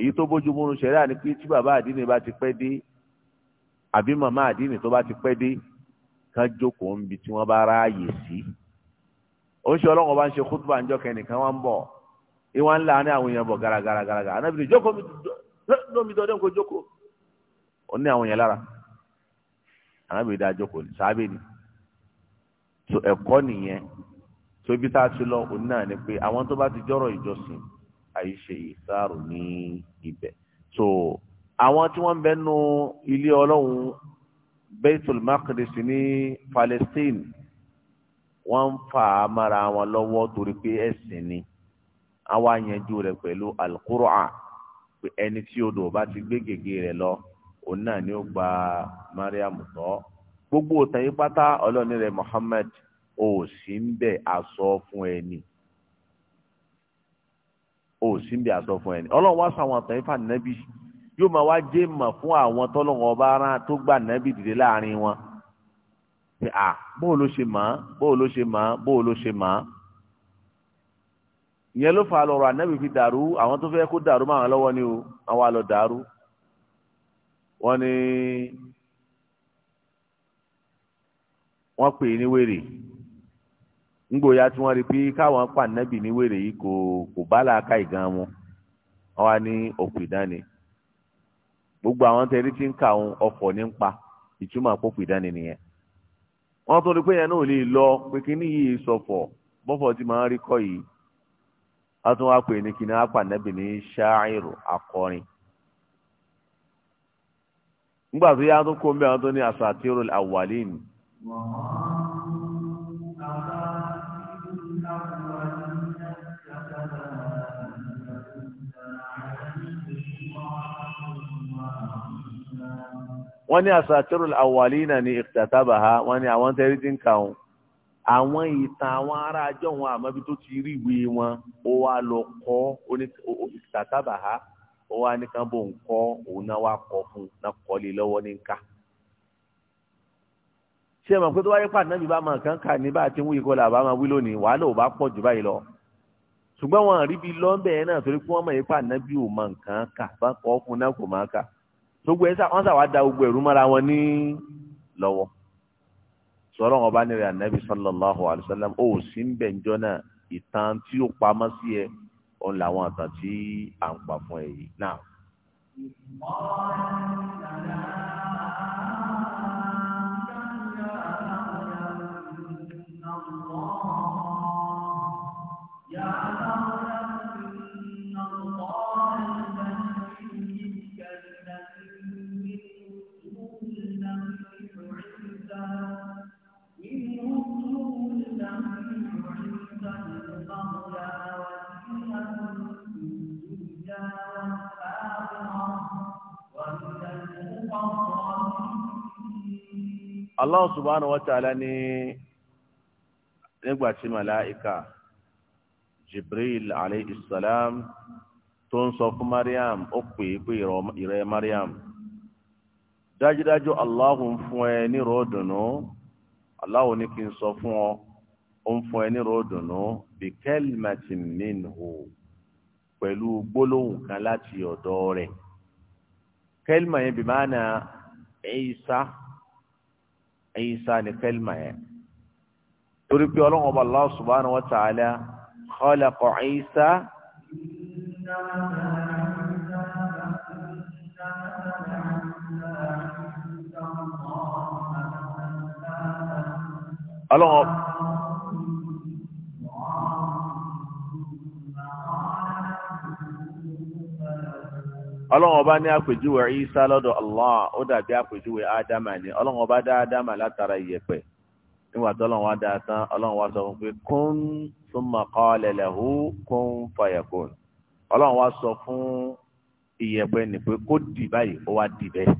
èyí tó bójú mu nínú ṣẹ̀ríà ni pé tí bàbá àdínì bá ti pẹ́ dé àbí màmá àdínì tó bá ti pẹ́ dé kán ń bi tí wọ́n bá ráàyè sí. Si oṣù ọlọ́wọ́ bá ń ṣe kútùbà ń jọ kẹ́nìkan wá ń bọ̀ ìwà ńlá ní àwọn èèyàn bọ̀ garagaragaraga anábìrì jókòó lómi dọ́dọ́ kó jókòó ó ní àwọn èèyàn lára anábìrì dá jókòó sábẹ́ ni tó ẹ̀kọ́ nìyẹn tó ibi tá a ti lọ òun náà ni pé àwọn tó bá ti jọ́rọ̀ ìjọsìn àyè ṣe ìsáàrò ní ibẹ̀ tó àwọn tí wọ́n ń bẹ́nu ilé ọlọ́run Baitul Maqdis ní Palestine wọ́n ń fà á mára wọn lọ́wọ́ torí pé ẹ̀sìn ni àwa yanjú rẹ̀ pẹ̀lú alukur'an pé ẹni tí odò bá ti gbé gègé rẹ̀ lọ òun náà ni ó gba mariam tọ́ gbogbo òtàn yìí pátá ọlọ́ọ̀ni rẹ̀ Muhammad ò sí ń bẹ̀ àsọ fún ẹni ò sí ń bẹ̀ àsọ fún ẹni ọlọ́run wá sọ àwọn àtàn yìí fà nẹ́bí yóò máa wá jẹ́ mọ̀ fún àwọn tọ́lọ́wọ́n ọba rán tó gbà nẹ́bí dìde láàrin wọn. pé à bóò ló ṣe màá bóò ló ṣe màá bóò ló ṣe màá ìyẹn ló fa lọ́rọ̀ ànábì fi dàrú àwọn tó kó dàrú máa lọwọ ni o àwọn àlọ́ dàrú wọn ni wọn pè é ní wèrè tí rí pé pa anabi ní wèrè yìí kò kò bá ka ìgan wọn wọ́n wá ní òkú ìdáni gbogbo àwọn tẹ̀rí tí ń kà ọ̀fọ̀ ní ń pa ìtumọ̀ àpòkù ìdáni wọ́n tó rí pé yẹn náà lè lọ pé kíní yìí sọ̀fọ̀ bọ́fọ̀ tí màá rí kọ́ yìí a tún wá pè ní kíní ní ṣááìrù akọrin nígbà tó yá tó kó ń bẹ́ẹ̀ tó ní asàtírù àwàlíìnì. wọ́n ní àsàtìrù àwàlínà ní ìtàtàbà ha wọ́n ní àwọn tẹ́rí ti ń kà wọn àwọn ìtàn àwọn ará ajọ́ wọn àmọ́bí tó ti rí ìwé wọn ó wá lọ kọ́ ìtàtàbà ha ó wá ní kán ń kọ́ òun náà wá kọ́ fún un náà kọ́ lé lọ́wọ́ ní ká ṣé mọ̀ pé tó wáyé pàdé náà bá máa kàn kà ní bá a ti ń wí kọ́ làbá máa wí lónìí wàhálà ò bá pọ̀ jù báyìí lọ ṣùgbọ́n wọn àríbi lọ́ńbẹ̀ẹ́ náà torí pé wọ́n mọ̀ yípa ànábì ò mọ nǹkan kà bá kọ́ fún náà kò máa kà gbogbo ẹ wọ́n sà wá da gbogbo ẹ̀rú mọ́ra wọn ní lọ́wọ́ sọ̀rọ̀ wọn bá nílẹ̀ sallallahu alayhi wa sallam ó sì ń bẹ̀ njọ́ náà ìtàn tí ó pamọ́ sí ẹ òun làwọn àtàn tí à ń pa fún ẹ yìí náà. Yeah. Allah subhanahu wa ta'ala ní nígbà tí màláìka Jibril alayhi salam tó ń sọ fún Mariam ó pè é pé ìrẹ Mariam dájúdájú Allah ń fún ẹ ní kí n sọ fún ọ ó ń fún ẹ minhu pẹlú gbólóhùn kan láti yẹn Isa ni kẹlima yẹn torí pé ọlọ́run ọba Allah subhanahu wa ta'ala khalaqa Isa. ọlọ́run. ọlọ́run ọba ní àpèjúwe Isa lọ́dọ̀ Allah ó dàbí àpèjúwe ádámà ni ọlọ́run ọba dá ádámà látara ìyẹ̀pẹ̀ nígbà tó ọlọ́run wá dáa tán ọlọ́run wá sọ fún pé kún thumma qala lahu kún fayakun ọlọ́run wá sọ fún ìyẹ̀pẹ̀ ní pé kó dì báyìí ó wá dì bẹ́ẹ̀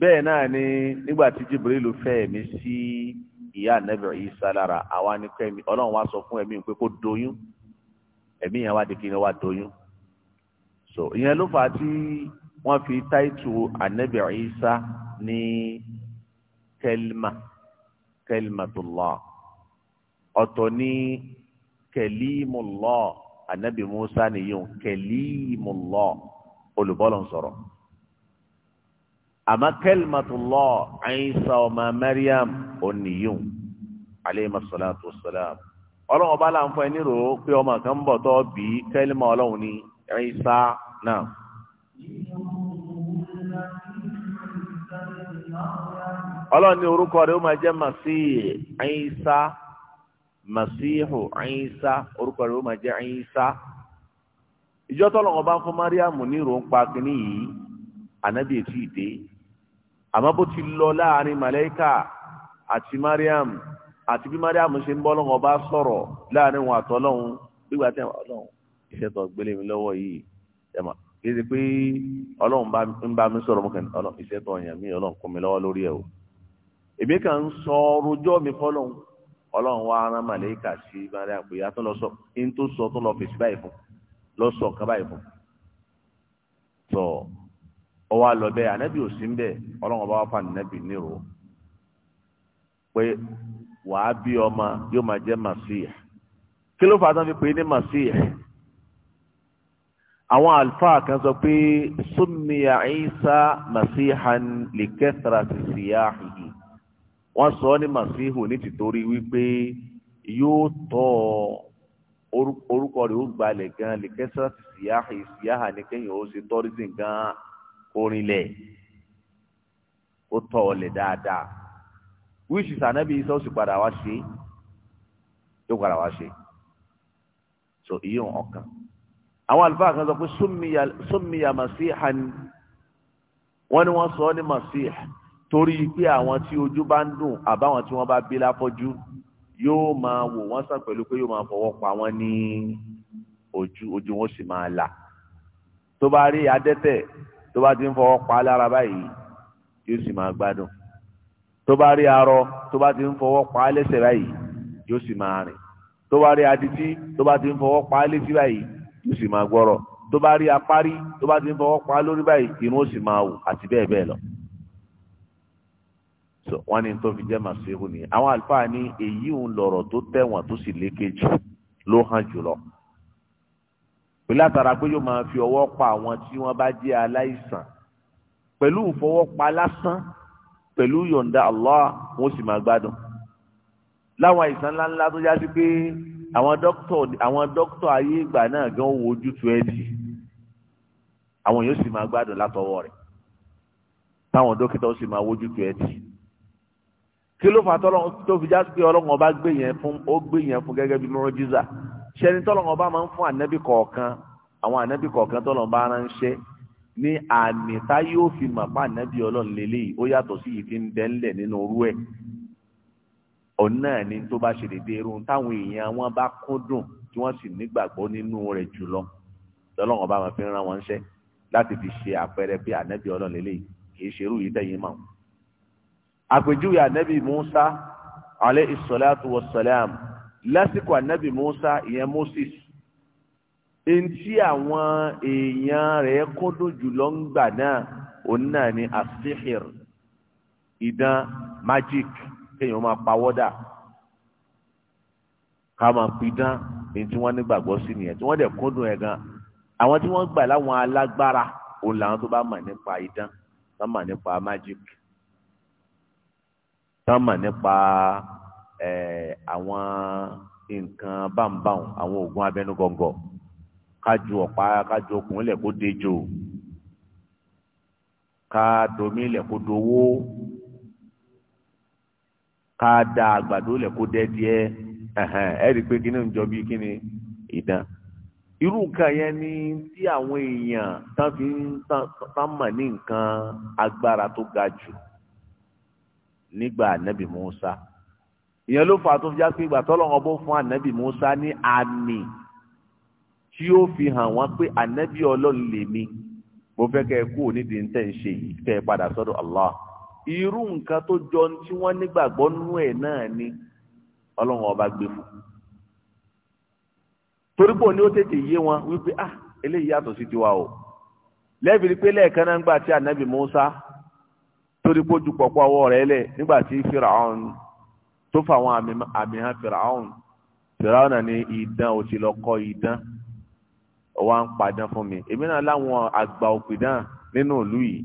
bẹ́ẹ̀ náà ni nígbà tí Jibrilu fẹ́ ẹ̀mí sí ìyá ànábì Isa lára àwa ni ọlọ́run wá sọ fún ẹ̀mí pé kó doyún so ìyẹn ló fà á tí wọ́n fi táìtù anabi Isa ní kẹlma kẹlmatullah ọ̀tọ̀ ní kẹlímùlọ́ anabi Musa nìyẹn kẹlímùlọ́ olùbọ́lọ̀ ń sọ̀rọ̀ àmọ́ kẹlmatullah Isa ọmọ Maryam oníyùn aleyhi salatu wa salam ọlọ́run ọba láǹfọ̀ ẹni rò ó pé ọmọ kan ń tó bí kẹlma ọlọ́run ní Isa. نعم ọlọ́run ní orúkọ rẹ̀ ó máa jẹ́ masihi ẹ̀yìnsá masihu ẹ̀yìnsá orúkọ rẹ̀ ó máa jẹ́ ẹ̀yìnsá ìjọ tọ́lọ́run bá fún mariamu ní ìròǹpa kínní yìí ànábì ètò ìdè àmọ́ bó ti lọ láàrin àti àti mariam ṣe ń bọ́ lọ́wọ́ sọ̀rọ̀ láàrin wọn ọlọ́run gbélé mi lọ́wọ́ yìí ẹ mọ̀ kí ṣe pé ọlọ́run bá ń bá mi sọ̀rọ̀ mọ́kàn tó mi ọlọ́run kún mi lọ́wọ́ lórí o èmi kàn ń sọ rojọ́ mi wa ara màlẹ́kà sí ìbára àpòyá tó lọ sọ tó sọ tó lọ fèsì tọ wa fà nínábì nírò pé wàá bí ọmọ yóò máa màsíyà kí ló fà á tán fi pè é àwọn àlùfáà kan sọ pé súnmìyà ìsá màsíhan lè kẹsàrà sí síyáhìhì wọ́n sọ ní màsíhù ní tìtorí wípé yóò tọ́ orúkọ rẹ̀ ó gbalẹ̀ gan lè kẹsàrà sí síyáhì síyáhà ní kẹ́yìn ó ṣe tọ́rísì gan orinlẹ̀ ó tọ́ ọ dáadáa wíṣì sànẹ́bí iṣẹ́ ó sì padà wá ṣe é ó padà wá ṣe so ìyóò ọkàn àwọn àlùfáà kan sọ pé súnmìyà màsíhà ni wọ́n ní wọ́n sọ ọ́ ní màsíhà torí pé àwọn tí ojú bá ń dùn àbáwọn tí wọ́n bá bí láfọ́jú yóò máa wò wọ́n sàn pẹ̀lú pé yóò máa fọwọ́ pa wọ́n ní ojú ojú wọn sì máa là tó bá rí adẹ́tẹ̀ tó bá ti ń fọwọ́ pa lára báyìí yóò sì máa gbádùn tó bá rí arọ tó bá ti ń fọwọ́ pa lẹ́sẹ̀ báyìí yóò sì máa rìn tó bá rí adití tó bá ti ń fọwọ́ pa létí báyìí yóò sì máa gbọ́rọ̀ tó bá rí apárí tó bá ti ń fọwọ́ pa lórí báyìí irun ó sì máa wù àti bẹ́ẹ̀ bẹ́ẹ̀ lọ. so wọ́n ní tó fi jẹ́ màsíhù ni àwọn àlùfáà ní èyí ń lọ̀rọ̀ tó tẹ̀wọ̀n tó sì lékè jù ló hàn jùlọ. pẹ̀lú àtàrà pé yóò máa fi ọwọ́ pa àwọn tí wọ́n bá jẹ́ aláìsàn pẹ̀lú ìfọwọ́pa lásán pẹ̀lú yọ̀ǹda Allah wọ́n sì máa gbádùn. láwọn àìsàn ńláńlá tó já sí pé àwọn dókítọ̀ àwọn dókítọ̀ ayé ìgbà náà gan wo ojútu ẹ̀dì àwọn yóò sì máa gbádùn látọwọ́ rẹ̀ táwọn dókítà ó sì máa wójútu ẹ̀dì kí ló fà tó fi já sí pé ọlọ́run ọba gbé yẹn fún ó gbé yẹn fún gẹ́gẹ́ bí mọ́rọ́jísà ṣẹni tọ́lọ́run ọba máa ń fún ànẹ́bí kọ̀ọ̀kan àwọn ànẹ́bí kọ̀ọ̀kan tọ́lọ́run bá ránṣẹ́ ní àmì tá yóò fi mà fún ànẹ́bí ọlọ́run lélẹ́yìí ó yàtọ̀ sí yìí ń bẹ́ńlẹ̀ nínú orú ẹ̀ ọ̀nà ni tó bá ṣe dédé irun táwọn èèyàn wọn bá kúndùn tí wọ́n sì nígbàgbọ́ nínú rẹ̀ jùlọ lọ́lọ́run ọba máa fi rán wọn ṣẹ́ láti fi ṣe àpẹẹrẹ pé ànẹ́bí ọlọ́run lélẹ́yìí kì í ṣerú yìí tẹ̀yìn mọ́. àpèjúwe ànẹ́bí Musa alayhi salatu wassalam lásìkò ànẹ́bí Musa ìyẹn Moses eŋti àwọn èèyàn rẹ̀ kúndùn jùlọ ń gbà náà òun ni asihir ìdán magic kéèyàn máa pawọ́dà ká máa pidán ní tí wọ́n nígbàgbọ́ sí nìyẹn tí wọ́n dẹ̀ kúndùn ẹ̀ gan àwọn tí wọ́n gbà láwọn alágbára òun làwọn tó bá mọ̀ nípa idán tó mọ̀ nípa magic tó mọ̀ nípa ẹ̀ àwọn nǹkan báńbáń àwọn oògùn abẹnugọ̀ngọ̀ kájú ọ̀pá kájú okùn ilẹ̀ kó dejò ká domi ilẹ̀ kó dowó. ká da àgbàdo lẹ̀ kó dẹ́ díẹ̀ ẹ rí i pé kí ni ń jọ bí kí ni ìdán irú nǹkan yẹn ni tí àwọn èèyàn tán fi ń tán mọ̀ ní nǹkan agbára tó ga jù nígbà ànábì Musa ìyẹn ló fà tó fi já pé ìgbà tọ́lọ́wọ́n bó fún ànábì Musa ní àmì tí ó fi hàn wọ́n pé ànábì ọlọ́run lèmi mo fẹ́ kẹ́ ẹ kú òní di ń tẹ̀ ń ṣe yìí kẹ́ ẹ padà sọ́dọ̀ Allah irú nǹkan tó jọ tí wọ́n nígbàgbọ́ nínú ẹ̀ náà ni ọlọ́run ọba gbé fún torí pò ní ó tètè yé wọn wípé ah eléyìí yàtọ̀ sí tiwa o lẹ́bìrì pé lẹ́ẹ̀kan náà nígbà tí anabi Musa torí pò ju pọ̀pọ̀ ọwọ́ rẹ̀ lẹ̀ nígbà tí Firaun tó fà àwọn àmì hàn Firaun Firaun náà ní idán ò ti lọ kọ́ idán ó wá ń fún mi èmi náà láwọn àgbà òpìdán nínú ìlú yìí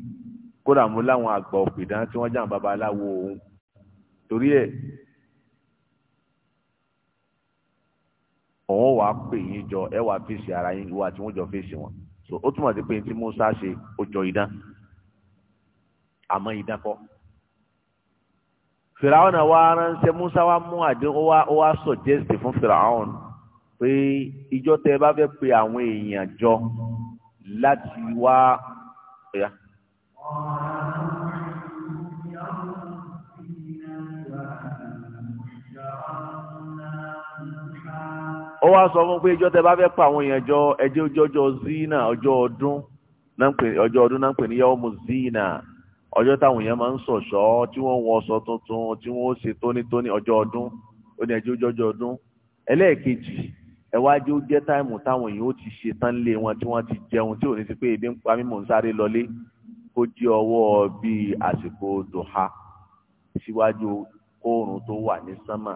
kódà mo láwọn àgbà òpìdán tí wọ́n jà ń babaláwo òun torí ẹ̀ òun wàá pè yín jọ ẹ wàá fèsì ara yín ìwà tí wọ́n jọ fèsì wọn so ó túmọ̀ sí pé tí Musa ṣe ó jọ idán àmọ́ idán kọ́ fìràwọn wa ránṣẹ́ Musa wa mú àdéhùn ó wá ó wá suggest fún fìràwọn pé ìjọ tẹ bá fẹ́ pe àwọn èèyàn jọ láti wá. Yeah ó wá sọ fún pé ìjọ tẹ bá fẹ́ pa àwọn èèyàn jọ ẹjẹ́ ọjọ́ zina ọjọ́ ọdún ọjọ́ ọdún náà ń pè ní yawmu zina ọjọ́ táwọn èèyàn máa ń ṣọ̀ṣọ́ tí wọ́n wọ ọ̀ṣọ́ tuntun tí wọ́n ṣe tónítóní ọjọ́ ọdún ó ní ẹjẹ́ ọjọ́ ọdún ẹlẹ́ẹ̀kejì ẹ̀wájú ó jẹ́ táìmù táwọn èèyàn ó ti ṣe tán lé wọn tí wọ́n ti jẹun tí ò ní sí pé ebi ń pa mí ń sáré lọlé kó jẹ́ ọwọ́ bíi àsìkò dùhà síwájú kóòrùn tó wà ní sánmà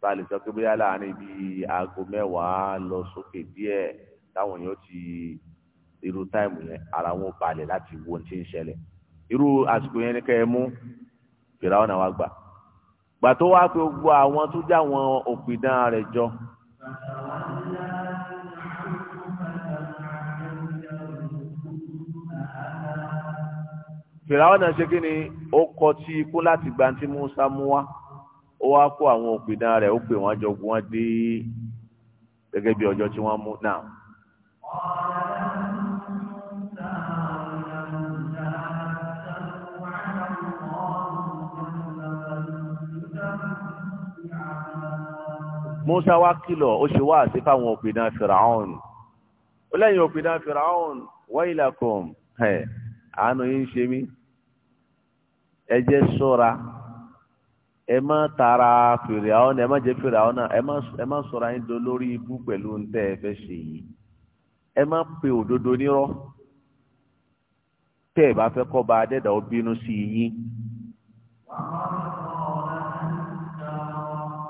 bá a lè sọ pé bóyá láàrin bíi aago mẹ́wàá lọ sókè díẹ̀ táwọn èèyàn ti irú táìmù yẹn ara wọn balẹ̀ láti wo ohun tí ń ṣẹlẹ̀ irú àsìkò yẹn ni kẹ́ ẹ mú fìràwọn náà wá gbà gbà tó wá pé gbogbo àwọn tó já wọn òpìdán rẹ̀ jọ fìràwọ́n náà ṣe kí ni ó kọ tí ikú láti gba tí Musa mú wá ó wá kó àwọn òpìdán rẹ̀ ó pè wọ́n jọ gun wọ́n dé gẹ́gẹ́ bí ọjọ́ tí wọ́n mú náà. Musa wá kìlọ̀ ó ṣe wá àti fáwọn òpìdán fìràwọ́n ó lẹ́yìn òpìdán fìràwọ́n wáyìlá kùn àánú yín ṣe mí ẹ jẹ́ ṣọ́ra ẹ má tara fèrè àwọn ẹ má jẹ́ fèrè àwọn náà ẹ má sọra yín do lórí ibú pẹ̀lú ntẹ́ ẹ fẹ́ ṣe yìí ẹ má pe òdodo nírọ́ tẹ́ ẹ bá fẹ́ kọ́ ba adẹ́dà ó bínú sí yín.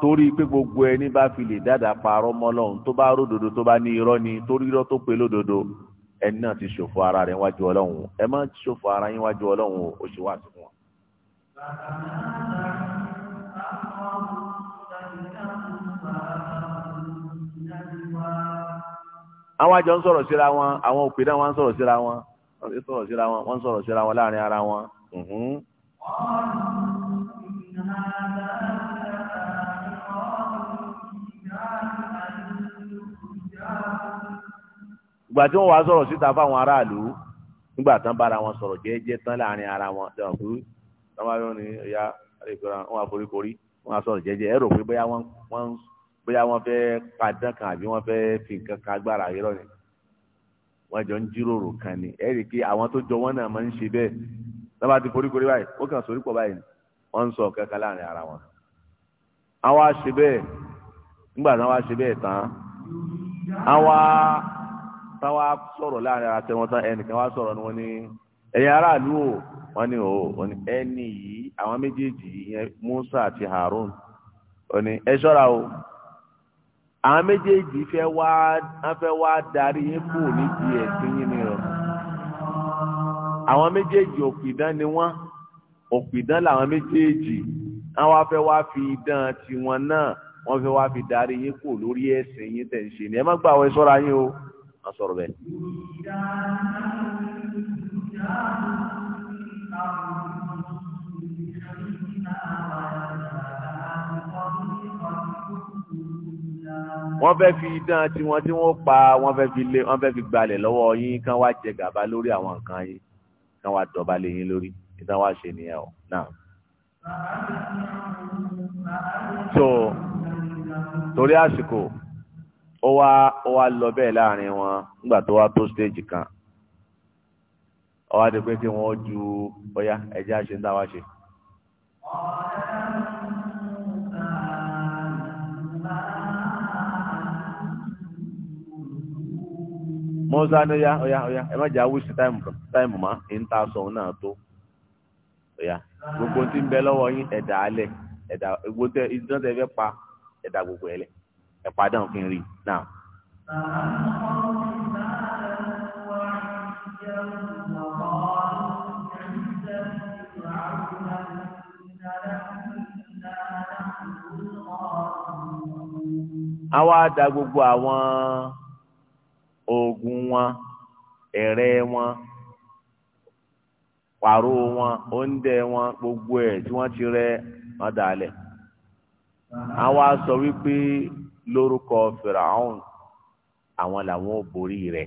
torí pé gbogbo ẹni bá fi lè dáadáa parọ́ mọ́ lọ́hùn tó bá ródodo tó bá ní irọ́ ni torí irọ́ tó pe lódodo ẹni náà ti ṣòfò ara rẹ̀ wájú ọlọ́run ẹ má ṣòfò ara yín wájú ọlọ́run ó ṣe wá sí fún wa. àwọn àjọ ń sọ̀rọ̀ síra wọn àwọn òpè náà wọ́n ń sọ̀rọ̀ síra wọn wọ́n ń sọ̀rọ̀ síra wọn láàrin ara wọn. ìgbà tí wọ́n wá sọ̀rọ̀ síta fáwọn aráàlú nígbà tán bára wọn sọ̀rọ̀ jẹ́ẹ́jẹ́ tán láàrin ara wọn dàn kú tọ́mọ́yọ́ ni ẹ̀yà àlekòrò wọn wá foríkorí wọn wá sọ̀rọ̀ jẹ́ẹ́jẹ́ ẹ̀rọ pé bóyá wọ́n bóyá wọ́n fẹ́ padàn kan àbí wọ́n fẹ́ fi nǹkan kan agbára yìí rọ̀ ni wọ́n jọ ń jíròrò kan ni ẹ rí i pé àwọn tó jọ wọ́n náà máa ń ṣe bẹ́ẹ̀ tọ́ba ti foríkorí báyìí ó kàn sórí pọ̀ báyìí wọ́n ń sọ kankan láàrin ara wọn. àwọn á nígbà tí wọ́n á ṣe tán àwọn tán wá sọ̀rọ̀ láàrin ara tẹ̀wọ́n tán ẹnìkan wá sọ̀rọ̀ ni wọ́n ní ẹ̀yin aráàlú o wọ́n ní o oh. wọ́n ẹni yìí àwọn méjèèjì yẹn Musa àti Harun wọ́n ní ẹ ṣọ́ra o àwọn méjèèjì fẹ́ wá wọ́n fẹ́ wá darí yín kù ní ti ẹ̀sìn yín ni o àwọn méjèèjì òpìdán ni wọ́n òpìdán làwọn méjèèjì wọ́n wá fẹ́ wá fi idán tiwọn náà wọ́n fẹ́ wá fi darí yín kù lórí ẹ̀sìn yín tẹ̀ ń ṣe ni ẹ má gbà wọ́n ṣọ́ra yín o a sọ̀rọ̀ bẹ́ẹ̀. wọ́n fẹ́ fi dán tiwọn tí wọ́n pa wọ́n fẹ́ fi lé wọ́n fẹ́ fi gbalẹ̀ lọ́wọ́ yín kán wá jẹ gàba lórí àwọn nǹkan yín kán wá dọ̀ba lé yín lórí ìtàn wá ṣe nìyẹn o náà. so torí àsìkò. ó wá ó wá lọ bẹ́ẹ̀ láàrin wọn nígbà tó wá tó stage kan ó wá di pé kí wọ́n ju bóyá ẹ̀jẹ̀ àṣẹ ń wá ṣe. mọ́sá ọ̀yá ọ̀yá ọ̀yá ẹ má jẹ́ táìmù táìmù gbogbo tí bẹ lọ́wọ́ yín ẹ̀dá ẹ̀dá gbogbo ẹ padà kí n rí náà. wá da gbogbo àwọn oògùn wọn ẹ̀rẹ́ wọn pàrọ̀ wọn oúnjẹ wọn gbogbo e tí wọ́n ti rẹ́ wọn dà lẹ̀ àwa sọ wípé. lórúkọ fìràhùn àwọn làwọn ò borí rẹ̀.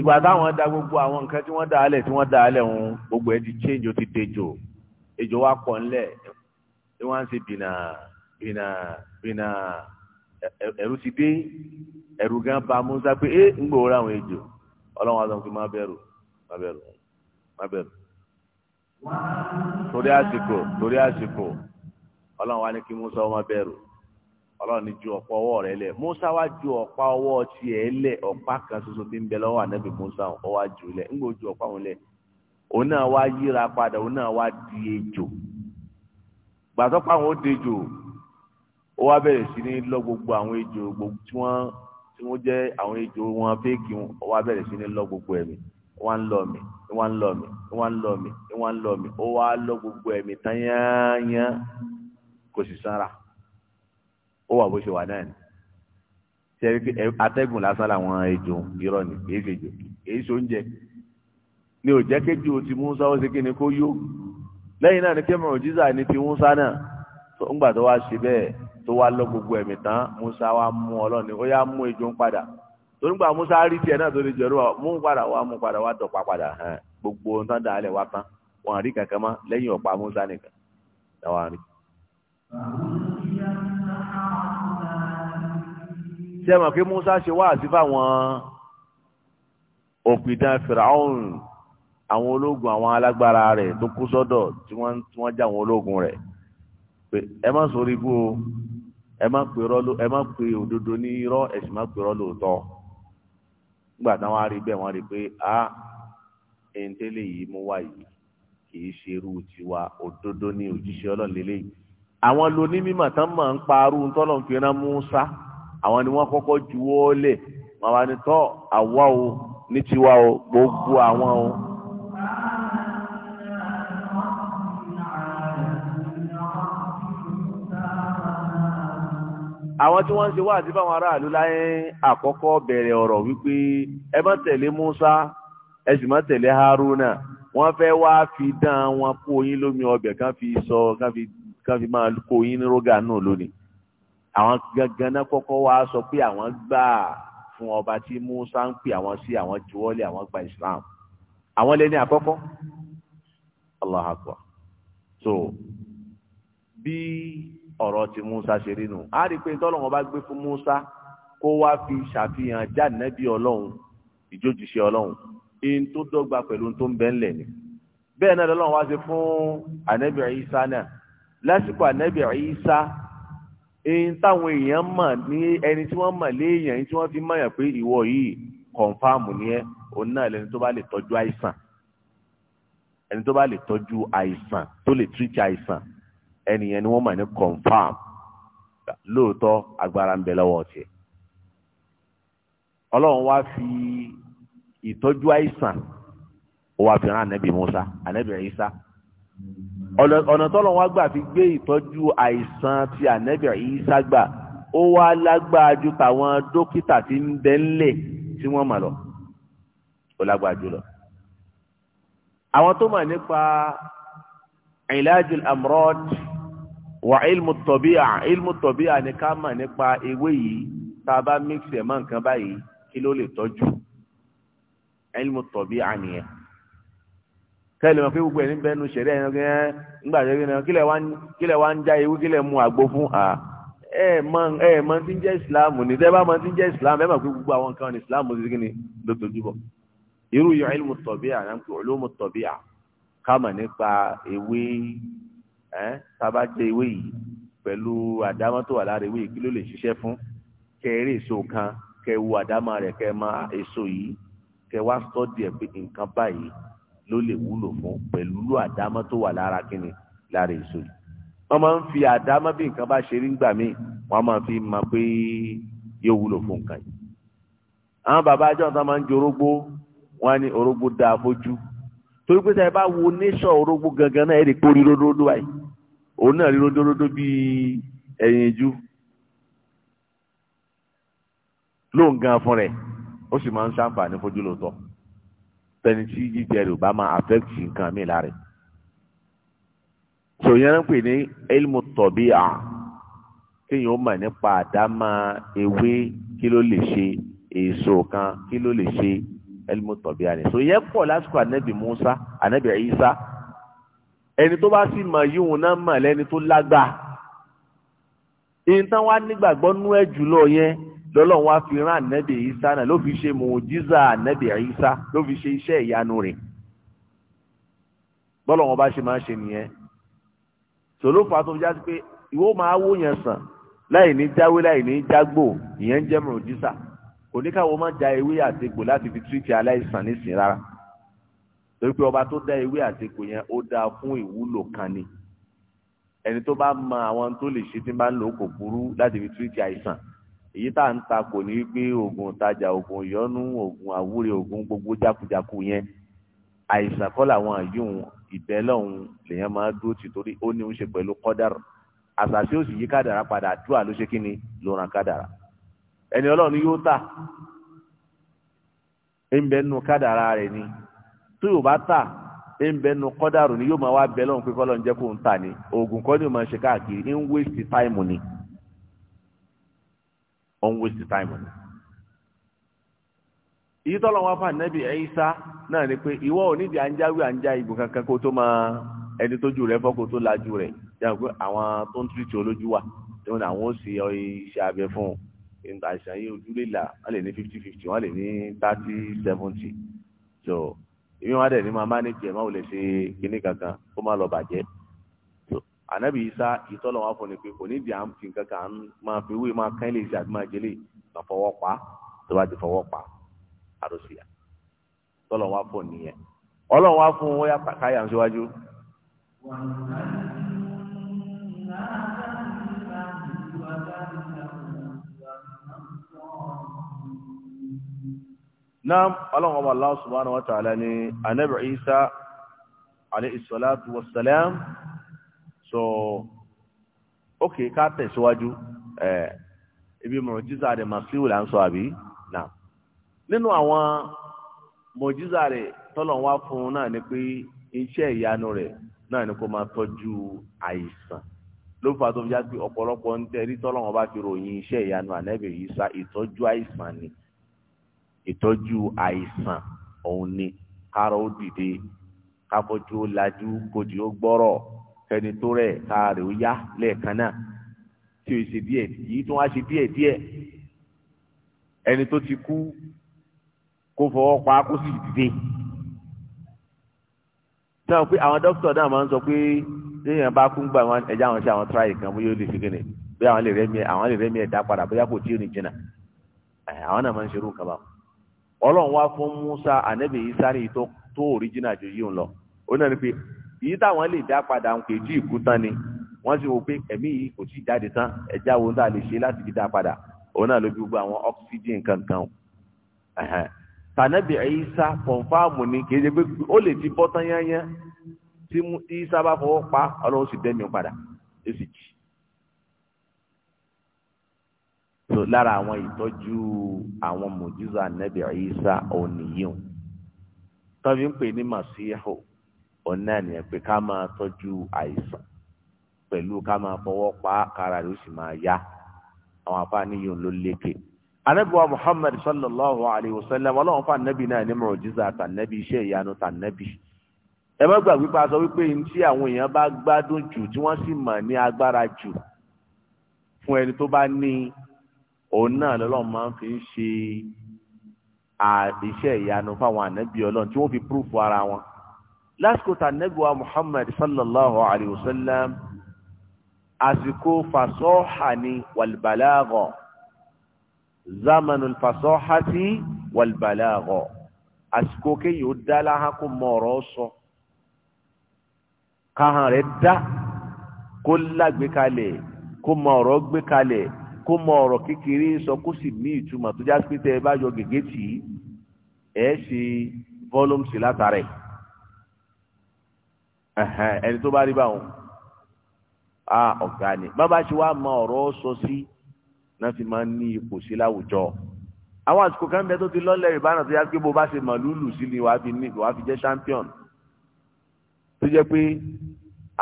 ìgbà táwọn da gbogbo àwọn nǹkan tí wọ́n dá alẹ̀ tí wọ́n dá ń gbogbo ẹ ti change ti ejò wa pọ̀ tí wọ́n ṣe bìnà bìnà bìnà ẹ̀rù ti dé gan ba musa pé ẹ ń gbòòrò àwọn ejò àti ọ̀hún fi máa má bẹ̀rù má bẹ̀rù torí àsìkò torí àsìkò ọlọ́run wa ní kí musa ọmọ bẹ̀rù ọlọ́run ní ju ọ̀pá ọwọ́ rẹ̀ lẹ̀ musa wá ju ọ̀pá ọwọ́ tiẹ̀ lẹ̀ ọ̀pá kan ṣoṣo tí ń bẹ lọ́wọ́ ànábì musa ọwọ́ àjù lẹ̀ ńgbò ju ọ̀pá òun lẹ̀ òun náà wá yíra padà òun náà wá di ejò gbàtọ́ àwọn ó di ejò ó wá bẹ̀rẹ̀ sí ní lọ gbogbo àwọn ejò gbogbo tí wọ́n tí wọ́n jẹ́ àwọn ejò wọn fẹ́ẹ̀kì wọn ó wá bẹ̀rẹ̀ sí ní lọ gbogbo ẹ̀mí wọ́n lọ mi wọ́n lọ mi wọ́n lọ mi wọ́n lọ mi ó wá lọ gbogbo ẹ̀mí tán yányán kò sì sanra ó wà bó ṣe wà náà ni ṣẹ́rí pé atẹ́gùn lásán làwọn ejò irọ́ ni kì í ṣe jò kì í ṣe oúnjẹ ni ò jẹ́ kéjì o ti Musa ó ṣe kí ni kó yó lẹ́yìn náà ni kẹ́mọ̀ òjísà ni ti Musa náà ńgbà tó wá ṣe bẹ́ẹ̀ tó wá lọ gbogbo ẹ̀mí tán Musa wá mú ọlọ́ni ó yá mú ejò ń padà torí musa rí tiẹ̀ náà torí jọ̀rọ̀ mú padà wá mú padà wá dọ̀pá padà hàn gbogbo ohun tán dalẹ̀ wá tán wọn àrí kankan mọ́ lẹ́yìn ọ̀pá musa nìkan làwọn àrí. ṣé ẹ mọ̀ pé musa ṣe wá àti fáwọn òpìdán firaun àwọn ológun àwọn alágbára rẹ̀ tó kú sọ́dọ̀ tí wọ́n tí wọ́n já àwọn ológun rẹ̀ pé ẹ má sọ orí kú o ẹ má pè òdodo ní irọ́ ẹ sì má pè irọ́ lóòótọ́ nígbà táwọn arí bẹ́ẹ̀ wọ́n rí pé a ẹ̀ńtẹ́lẹ̀ yìí mú wá yìí kì í ṣe irú tiwa òdodo ní òjíṣẹ́ ọlọ́run lélẹ́yìí àwọn lóní mímọ̀ tán mọ̀ ń parú tọ́lọ̀ ń fìràn Mùsá àwọn ni wọ́n kọ́kọ́ juwọ́ lẹ̀ màwa ni tọ́ àwa o ní tiwa o gbogbo àwọn o àwọn tí wọ́n ń ṣe wá àti fáwọn aráàlú láyé àkọ́kọ́ bẹ̀rẹ̀ ọ̀rọ̀ wípé ẹ má tẹ̀lé Musa ẹ sì má tẹ̀lé Haruna wọ́n fẹ́ wá fi dán wọn kó yín lómi ọbẹ̀ kán fi sọ kán fi kán fi máa kó yín ní rógà náà lónìí àwọn gangan kọ́kọ́ wá sọ pé àwọn gbà fún ọba tí Musa ń pè àwọn sí àwọn juwọ́lé àwọn gba Islam àwọn lẹ́ni àkọ́kọ́ Allah akbar so bí. Be ọ̀rọ̀ tí Musa ṣe rí nù á rí i pé tọ́lọ́wọ́n bá gbé fún Musa kó wá fi ṣàfihàn jáde-nẹ́bí ọlọ́run ìjójúṣe ọlọ́run ihun tó dọ́gba pẹ̀lú tó ń bẹ́ ńlẹ̀ ni bẹ́ẹ̀ náà lọ́lọ́run wá ṣe fún ànẹ́bí Ìsá náà lásìkò ànẹ́bí Ìsá ihun táwọn èèyàn mọ̀ ní ẹni tí wọ́n mọ̀ léèyàn tí wọ́n fi mọ̀yàn pé ìwọ yìí kọ̀ǹfàmù ni ẹ́ òun náà lẹni tó bá lè tọ́jú àìsàn ẹni tó bá lè tọ́jú àìsàn tó lè tírìtì àìsàn ẹnìyẹn ni wọ́n mọ̀ ní confam lóòótọ́ agbára ń bẹ lọ́wọ́ tiẹ̀ ọlọ́run wá fi ìtọ́jú àìsàn ó wá fi rán anabi musa anabi isa ọ̀nà tọ́lọ̀ wá gbà fi gbé ìtọ́jú àìsàn ti anabi isa gbà ó wá lágbára ju tàwọn dókítà tí ń bẹ ńlẹ̀ tí wọ́n mọ̀ lọ ó lágbára jù lọ àwọn tó mọ̀ nípa ìlàjù amrod wà ilmu tọ̀bíà ilmu tọ̀bíà ni ká mọ̀ nípa ewé yìí tá a bá mix ẹ̀ mọ́ nǹkan báyìí kí ló lè tọ́jú ilmu tọ̀bíà nìyẹn kẹ́lẹ̀ mọ̀ pé gbogbo ẹ̀ níbẹ̀ nu ṣẹ̀rí ẹ̀yàn gẹ́gẹ́ nígbà tó yẹn kílẹ̀ wá ń já ewé kílẹ̀ mu àgbo fún à ẹ mọ̀ ẹ mọ̀ tí ń jẹ́ ìsìláàmù ní tẹ́ bá mọ̀ tí ń jẹ́ ìsìláàmù ẹ mọ̀ pé gbogbo àwọn kan ní ìsìláàmù ti kí ni ló tójú irú yọ ilmu tọ̀bíà náà ń pè olómù ká mọ̀ nípa ewé ẹ tába jẹ ewé yìí pẹ̀lú àdámọ́ tó wà lára ewé yìí kí ló lè ṣiṣẹ́ fún kẹ eré èso kan kẹ wo àdámọ́ rẹ̀ kẹ mọ èso yìí kẹ wá sọ́ọ̀dì ẹ̀ pé nǹkan báyìí ló lè wúlò fún pẹ̀lú àdámọ́ tó wà lára kíni lára èso yìí wọ́n máa ń fi àdámọ́ bí nǹkan bá ṣe rí gbà míì wọ́n máa fi mọ pé yóò wúlò fún nǹkan yìí àwọn bàbá àjọ tó máa ń jẹ orógbó wọn ní orógbó dáa fojú torí pé sẹ́yìn bá wo nation orógbó gangan náà ẹ̀ lè kórìí lódòdó báyìí òun náà rí ródóródó bíi ẹyin jú lóun gan fún rẹ̀ ó sì máa ń ṣàǹfààní fojú lóòótọ́ tẹni tí jíjẹ rẹ̀ ò bá máa affect nǹkan mi lára sòyìn ń pè ní elmo tọ̀bí à kéèyàn ó mọ̀ nípa àdámà ewé kí ló lè ṣe èso kan kí ló lè ṣe elmo tọ̀bí à ní sòyìn pọ̀ lásìkò ànábì Musa ànábì Isa ẹni tó bá sì mọ̀ yíwùn náà mọ̀ lẹ́ni tó lágbà ìyẹn tán wá nígbàgbọ́ nú ẹ̀ jùlọ yẹn lọ́lọ́run wá fi rán ànábì Ìsá náà ló fi ṣe mùjíza ànábì Ìsá ló fi ṣe iṣẹ́ ìyanu rẹ̀ bọ́lọ́run bá ṣe máa ṣe nìyẹn sòló fa tó já sí pé ìwọ máa wó yẹn sàn láì ní jáwé láì ní jágbò ìyẹn jẹ́ mùjíza kò ní káwọn máa ja ewé àti egbò láti fi túwìtì aláìsàn nísìnyí rárá torí pé ọba tó dá ewé àti kò yẹn ó dáa fún ìwúlò kan ni ẹni tó bá mọ àwọn tó lè ṣe tí bá ń lò kò burú láti fi túwìtì àìsàn èyí tá à ń ta kò ní pé oògùn ìtajà oògùn ìyọnu oògùn àwúre oògùn gbogbo jákujàku yẹn àìsàn kọ́ làwọn àyùn ìbẹ́lọ̀hún lèyàn máa dúró tì torí ó ní ń ṣe pẹ̀lú kọ́dàrọ̀ àṣàṣe òsì yí kádàrá padà àdúrà ló ṣe kí ni ló ràn kádàrá ẹni ọlọ́run yóò tà ń bẹ́ẹ̀ nù kádàrá rẹ̀ ni tó yóò bá tà ẹ ń bẹ nu kọ́dàrú ni yóò máa wá bẹ lọ́hùn pé kọ́lọ́ ń jẹ́ kó ń tà ní oògùn kọ́ ni ó máa ṣe káàkiri ń waste time ni ń waste time ni. èyí tọ́lọ̀ wọn fà nẹ́bí ẹ̀yíṣá náà ni pé ìwọ ò nídìí àǹjáwé àǹjá ìbò kankan kó tó máa ẹni tójú rẹ fọ́ kó tó lajú rẹ̀ yàrá pé àwọn tó ń tìrìtì olójú wà tí wọn àwọn ó sì iṣẹ́ abẹ fún un àìsàn yìí ojú lè là wọn lè ní fifty fifty wọn lè ní thirty seventy so èmi wọn dẹ̀ ní máa má ní tiẹ̀ máa ò lè ṣe kinní kankan kó má lọ bàjẹ́ ànábì isa ìtọ́lọ̀ wà fún ni pé kò ní di à ń fi kankan à ń máa fi wé máa kán lè ṣe àbí máa jẹlé máa fọwọ́ pa tó bá ti fọwọ́ pa àròsìyà tọ́lọ̀ wà fún nìyẹn ọlọ́run wà fún wọ́n yà káyà ń síwájú. wàhálà ń bá a ń bá a ń bá a. náà ọlọ́run ọba Allah subhanahu wa ta'ala ni anabi Isa alayhi salatu wa salam so ok ká tẹ̀síwájú ẹ̀ ibi mọ̀jísà rẹ̀ màsíwò là ń sọ àbí náà nínú àwọn mọ̀jísà rẹ̀ tọ́lọ̀ wá fún un náà ni pé iṣẹ́ ìyanu rẹ̀ náà ni kó máa tọ́jú àìsàn ló fà tó fi já pé ọ̀pọ̀lọpọ̀ ń tẹ́rí tọ́lọ̀ wọn bá fi ròyìn iṣẹ́ ìyanu ànẹ́bẹ̀ yìí sa ìtọ́jú àìsàn ni ìtọ́jú àìsàn òun ni kárọ̀ ó dìde káfọ́jú ó lajú kojì ó gbọ́rọ̀ kẹni tó rẹ̀ káàrẹ̀ ó yá lẹ́ẹ̀kan náà tí o ṣe díẹ̀ yìí tó wá ṣe díẹ̀ díẹ̀ ẹni tó ti kú kó fọwọ́ pa kó sì dìde sọ pé àwọn dókítà náà máa ń sọ pé téèyàn bá kú ń gbà wọn ẹja àwọn ṣe àwọn tíráyì kan bóyá ó lè ṣe kéde bóyá àwọn lè rẹ́mi àwọn lè rẹ́mi ẹ̀dá padà bóyá kò tí ì rìn jìnnà àwọn náà máa ń ṣerú nǹkan báwọn ọlọ́run wá fún Musa ànábì yìí sáré yìí tó original ju yìí ń lọ ó náà ni pé yìí táwọn lè dá padà ń kejì ìkú tán ni wọ́n sì wò pé ẹ̀mí yìí kò tí ì jáde tán ẹ̀já wo tá a lè ṣe láti fi dá padà òun náà ló fi gbogbo àwọn oxygen kankan o tànábì Ìsá ni kì í ṣe pé ó lè ti bọ́ tán yányán tí Ìsá bá fọwọ́ pa ọlọ́run sì dẹ́mi padà ó sì jì í. so lára àwọn ìtọ́jú àwọn mùjíza nẹ́bí Ìsá òníyàn tọ́bi ń pè ní màsíhù òun náà nìyẹn pé ká máa tọ́jú àìsàn pẹ̀lú ká máa fọwọ́ pa kára rẹ̀ ó sì máa yá àwọn afáníyàn ló lékè. anábìwá Muhammad sallallahu alayhi wa sallam ọlọ́run fún anábì náà ní mùjíza tànábì iṣẹ́ ìyanu tànábì ẹ má gbàgbé pa sọ wípé ní tí àwọn èèyàn bá gbádùn jù tí wọ́n sì mọ̀ ní agbára jù fún ẹni tó bá ní òun náà lọ́lọ́run máa ń fi ń ṣe àdìṣẹ́ ìyanu fáwọn ànábì ọlọ́run tí wọ́n fi púrúfù ara wọn lásìkò tànẹ́bùwà Muhammad sallallahu alayhi wa sallam àsìkò fasọ́hà ni wàlbàláàgọ̀ zamanul fasọ́hà sí wàlbàláàgọ̀ àsìkò kéyìí ó dá láhán kó sọ káhàn rẹ̀ dá kó lágbèkalẹ̀ kó mọ ọ̀rọ̀ kó mọ ọ̀rọ̀ kékeré sọ kó sì ní ìtumọ̀ tó já pé tẹ ẹ bá yọ gègé tì í ẹ ṣe fọlọmùsì látara ẹ ẹni tó bá rí báwọn a ọ̀gá ni bàbá ṣe wá mọ ọ̀rọ̀ sọ sí náà fi máa ń ní ipò sí láwùjọ àwọn àsìkò kan bẹ tó ti lọ́lẹ̀ ìbáná tó yá pé bó bá ṣe màlúùlù sí ni wàá fi ní wàá fi jẹ́ champion tó jẹ́ pé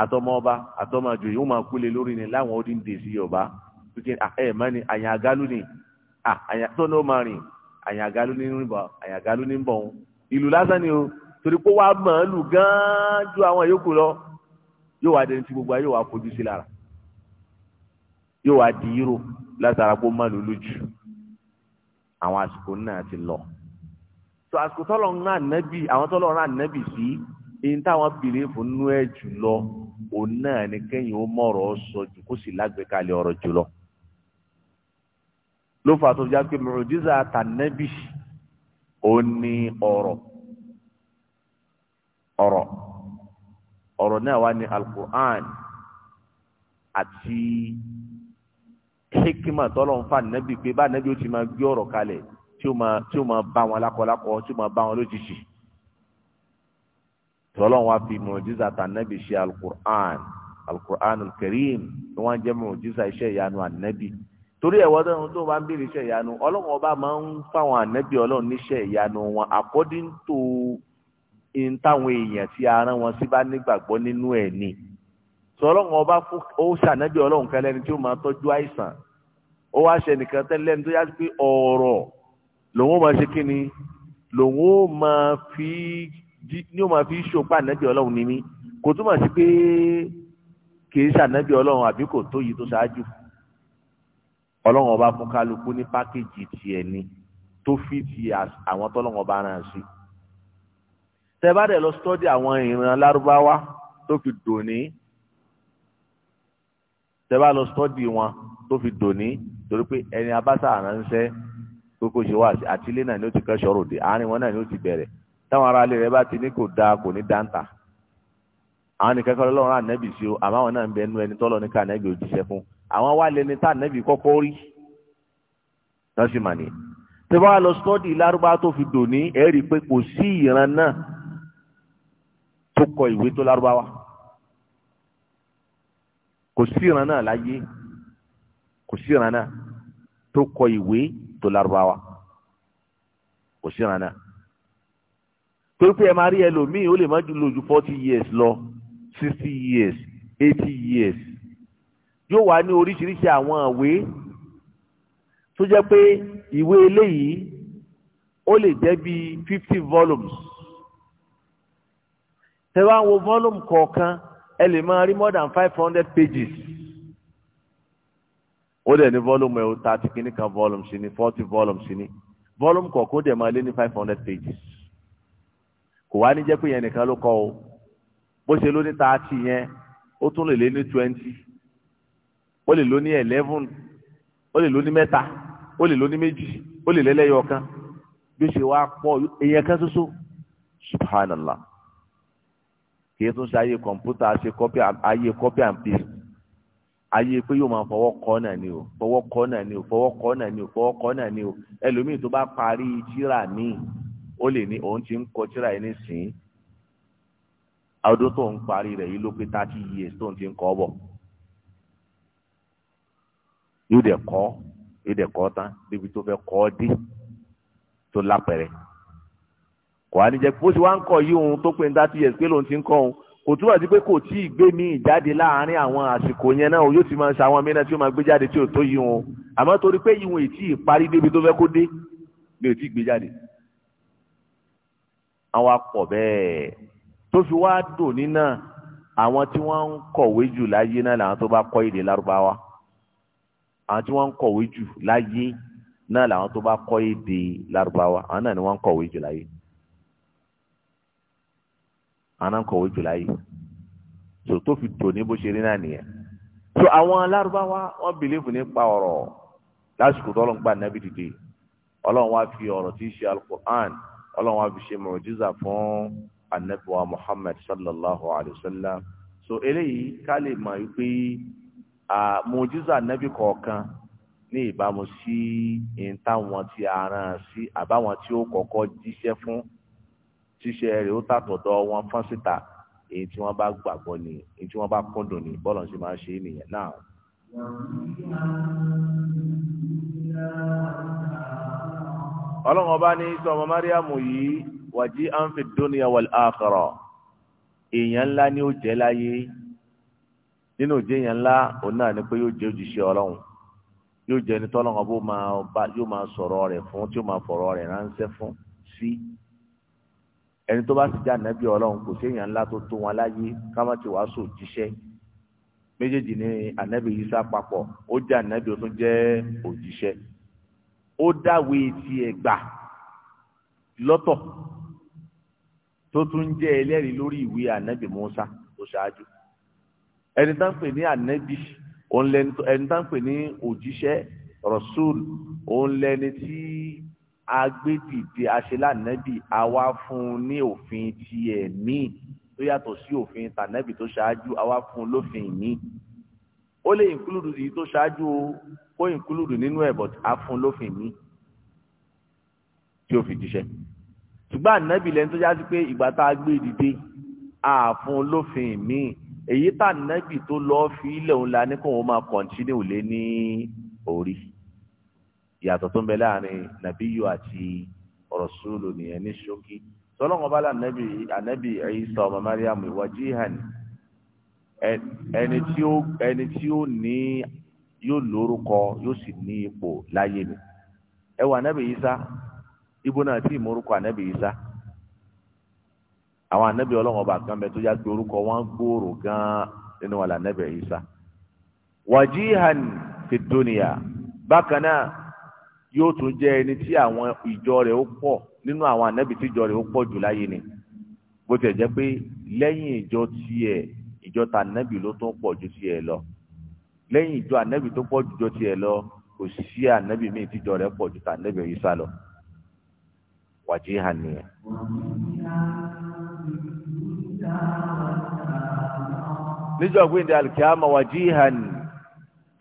àtọmọ ọba àtọmọ àjòyè ó máa kúlẹ̀ lórí ni láwọn ọdún dè sí yorùbá pikin ah ẹ mọ ni àyàn àgálù ni ah àyàn tó ní ó máa rìn àyàn àgálù ní bọ àyàn àgálù ní bọ ìlú lásán ni o torí pé wàá mọ̀ ọ́n lù gan-an ju àwọn yòókù lọ yóò wá dẹni tí gbogbo ayé wàá fojú sí lára yóò wá di yíró látara kó má lulú jù àwọn àsìkò náà ti lọ tó àsìkò tọ́lọ̀ ń rán ànábì àwọn tọ́lọ̀ rán ànábì sí èyí táwọn bìrì fún nú ẹ̀ jù òun náà ni kẹ́yìn ó mọ̀rọ̀ sọ jù kó sì lágbèékalẹ̀ ọ̀rọ̀ jù ló fà tó já pé mùrùdíza tànẹ́bì ó ní ọ̀rọ̀ ọ̀rọ̀ ọ̀rọ̀ náà wà ní alukur'an àti hikima tọ́lọ̀ ń fa nẹ́bí pé bá nẹ́bí ó ti máa gbé ọ̀rọ̀ kalẹ̀ tí ó máa tí ó máa bá wọn lákọlákọ tí ó máa bá wọn lójijì tọ́lọ̀ wá fi mùjíza ta ṣe alukur'an alukur'an karim ni wọ́n jẹ́ mùjíza iṣẹ́ ìyanu ànẹ́bí torí ẹ̀wọ́ dẹ́nu tó bá ń béèrè iṣẹ́ ìyanu ọlọ́run ọba máa ń fáwọn ànẹ́bí ọlọ́run níṣẹ́ ìyanu wọn according to in táwọn èèyàn tí a rán wọn sí bá nígbàgbọ́ nínú ẹ̀ ni sọ ọlọ́run ọba fún ó ṣànẹ́bí ọlọ́run kan lẹ́ni tí ó máa tọ́jú àìsàn ó wá ṣe nìkan tẹ́lẹ̀ lẹ́ni tó yá sí pé ọ̀rọ̀ lòun ó máa ṣe kí ni lòun ó máa fi ní ó máa fi ṣòpá ànẹ́bí ọlọ́run ni mí kò túmọ̀ sí pé kì í ṣànẹ́bí ọlọ́run àbí kò tó tó ṣáájú fún ọlọ́run ọba fún kálukú ní pákéjì tiẹ̀ ni tó fi ti àwọn tọ́lọ́run ọba rán sí. tẹ́ bá dẹ̀ lọ sọ́dí àwọn ìran lárúbáwá tó fi dòní tẹ́ bá lọ sọ́dí wọn tó fi dòní torí pé ẹni abáṣà ránṣẹ́ kókó ṣe wá àti ilé náà ni ó ti kẹ́ sọ̀rọ̀ òde àárín wọn náà ni ó ti bẹ̀rẹ̀ táwọn ará ilé rẹ bá ti ní kò dáa kò ní dáńtà àwọn nìkẹ́kọ̀ọ́ lọ́run ànẹ́bì sí o àmọ́ àwọn náà ń bẹ ẹnu ẹni tọ́lọ́ ní ká ànẹ́bì òjíṣẹ́ fún àwọn wá lẹni tá ànábì kọ́kọ́ rí lọ́sìmọ̀nì tí wọ́n á lọ sọ́ọ̀dì lárúbá tó fi dòní ẹ̀ rí i pé kò sí ìran náà tó kọ ìwé tó lárúbá wa kò sí ìran náà láyé kò sí ìran náà tó kọ ìwé tó lárúbá wa kò sí ìran náà torí pé ẹ máa rí ẹlòmíì ó lè má ju forty years lọ sixty years eighty years yóò wá ní oríṣiríṣi àwọn ìwé tó jẹ́ pé ìwé eléyìí ó lè jẹ́ bíi fifty volumes tẹ́wá wo volume kọ̀ọ̀kan ẹ lè máa rí more than five hundred pages ó dẹ̀ ní volume ẹ̀ ó thirty kìíní kan volume sí ni forty volume sí ni volume kọ̀ọ̀kan ó dẹ̀ máa lé ní five hundred pages kò wá ní jẹ́ pé yẹn nìkan ló kọ o bó ṣe ló ní thirty yẹn ó tún lè lé ní twenty ó lè lò ní eleven o lè lò ní mẹ́ta ó lè lò ní méjì ó lè lẹ́lẹ́yọ̀ kan bí ó ṣe wá pọ̀ èèyàn kan ṣoṣo subhanallah kì í tún ṣe ayé kọ̀ǹpútà ṣe copy ayé copy and paste ayé pé yóò máa fọwọ́ kọ́ náà ni o fọwọ́ kọ́ náà ni o fọwọ́ kọ́ náà ni o fọwọ́ kọ́ náà ni o ẹlòmíì tó bá parí jíra míì ó lè ní òun ti ń kọ jíra yìí nísìnyí ọdún tó ń parí rẹ̀ yìí ló pé thirty years tó ń ti ń kọ́ bọ̀ yóò dẹ̀ kọ́ yóò dẹ̀ kọ́ tán débi tó fẹ́ kọ́ dé tó lápẹ̀rẹ̀ kò á ní jẹ́ bó ṣe wá ń kọ́ yìí ohun tó pé ní thirty years pé lòun ti ń kọ́ òun kò túbọ̀ sí pé kò tí ì gbé mi ìjáde láàárín àwọn àsìkò yẹn náà yóò ti máa ṣe àwọn mìíràn tí ó máa gbé jáde tí ò tó yìí òun àmọ́ torí pé ìwọ̀n ì tí débi tó fẹ́ kó dé mi ò tí ì gbé jáde àwọn akọ̀ bẹ́ẹ̀ tó fi wá dòní náà àwọn tí wọ́n ń kọ̀wé jù láyé náà làwọn tó bá kọ́ èdè lárúbáwá àwọn tí wọ́n ń kọ̀wé jù láyé náà làwọn tó bá kọ́ èdè lárúbáwá àwọn náà ni wọ́n ń kọ̀wé jù láyé àwọn náà ń kọ̀wé jù láyé so tó fi tò ní bó ṣe rí náà nìyẹn so àwọn lárúbáwá wọ́n bìlífù nípa ọ̀rọ̀ lásìkò tó ọlọ́run gbà nábì dìde ọlọ́run wá fi ọ̀rọ̀ tí í ṣe alukur'an ọlọ́run wá fi ṣe mọ̀rọ̀jísà fún anabiwa muhammad sallallahu alayhi wa sallam so eléyìí ká lè mọ̀ wípé mojiza nẹ́bí kọ̀ọ̀kan ní ìbámu sí ìntàwọn tí a rán sí àbáwọn tí ó kọ́kọ́ jíṣẹ́ fún ṣíṣe rẹ̀ ó tàtọ̀dọ̀ wọn fọ́n síta èyí tí wọ́n bá gbàgbọ́ ni èyí tí wọ́n bá kúndùn ni bọ́ọ̀lù ṣe máa ṣe é nìyẹn náà. ọlọ́run ọba ní sọ ọmọ máríàmù yìí wàjí àǹfì dúnìyà wal èèyàn ńlá ni ó jẹ́ láyé nínú òjé yẹn ńlá òun náà ni pé yóò jẹ́ òjíṣẹ́ ọlọ́run yóò jẹ́ ẹni tọ́lọ́run ọbọ̀ yóò máa sọ̀rọ̀ rẹ̀ fún tí yóò máa fọ̀rọ̀ rẹ̀ ránṣẹ́ fún sí ẹni tó bá sì já nàbí ọlọ́run kò sí èèyàn ńlá tó tó wọn láyé káwọn ti wàásù jíṣẹ́ méjèèjì ni ànábì Ìsá papọ̀ ó já nàbí ó tún jẹ́ òjíṣẹ́ ó dáwé tiẹ̀ gbà lọ́tọ̀ tó tún jẹ́ ẹlẹ́rìí lórí ìwé ànábì Mùsá tó ṣáájú ẹni tá ń pè ní ànẹ́bí òun lẹni tó ẹni tá ń pè ní òjíṣẹ́ rọ̀ṣúl òun lẹni tí a gbé dìde aṣelánẹ́bí a wá fún un ní òfin tiẹ̀ míì tó yàtọ̀ sí òfin tànẹ́bí tó ṣáájú a wá fún un lófin míì ó lè ìnkúlùdù yìí tó ṣáájú kó ìnkúlùdù nínú ẹ̀ bọ̀ a fún un lófin míì tí ó fi jíṣẹ́ ṣùgbọ́n ànẹ́bí lẹni tó yá sí pé ìgbà tá a gbé dìde a fún un lófin míì èyí tà nẹ́bì tó lọ fi ilẹ̀ òun la ní kó òun máa kọ̀ǹtínú lé ní orí ìyàtọ̀ tó ń bẹ láàrin nàbíyù àti rọ̀ṣúlù nìyẹn ní ṣókí sọlọ́ngàn bá lànàbì ànàbì Ìsá ọmọ Mariam wajihan ẹni tí ẹni tí ó ní yóò lórúkọ yóò sì ní ipò láyé mi ẹ wà ànàbì Ìsá ibo náà tí ìmọ̀rúkọ ànàbì Ìsá. àwọn anabi ọlọ́run ọba kan bẹ tó yá pé orúkọ wọn gbòòrò gan-an nínú wọn lànàbì Ìsá wàjíhàn fi dúnìyà bákan náà yóò tún jẹ ẹni tí àwọn ìjọ rẹ̀ ó pọ̀ nínú àwọn anabi tíjọ rẹ̀ ó pọ̀ jù láyé ni bó tiẹ̀ jẹ́ pé lẹ́yìn ìjọ tiẹ̀ ìjọ ta anabi ló tún pọ̀ ju tiẹ̀ lọ lẹ́yìn ìjọ anabi tó pọ̀ ju tiẹ̀ lọ kò sí anabi míì tíjọ rẹ̀ pọ̀ ju ta anabi Ìsá lọ wàjíhàn nìyẹn. níjọ́ gbéǹde alikiyama wajihan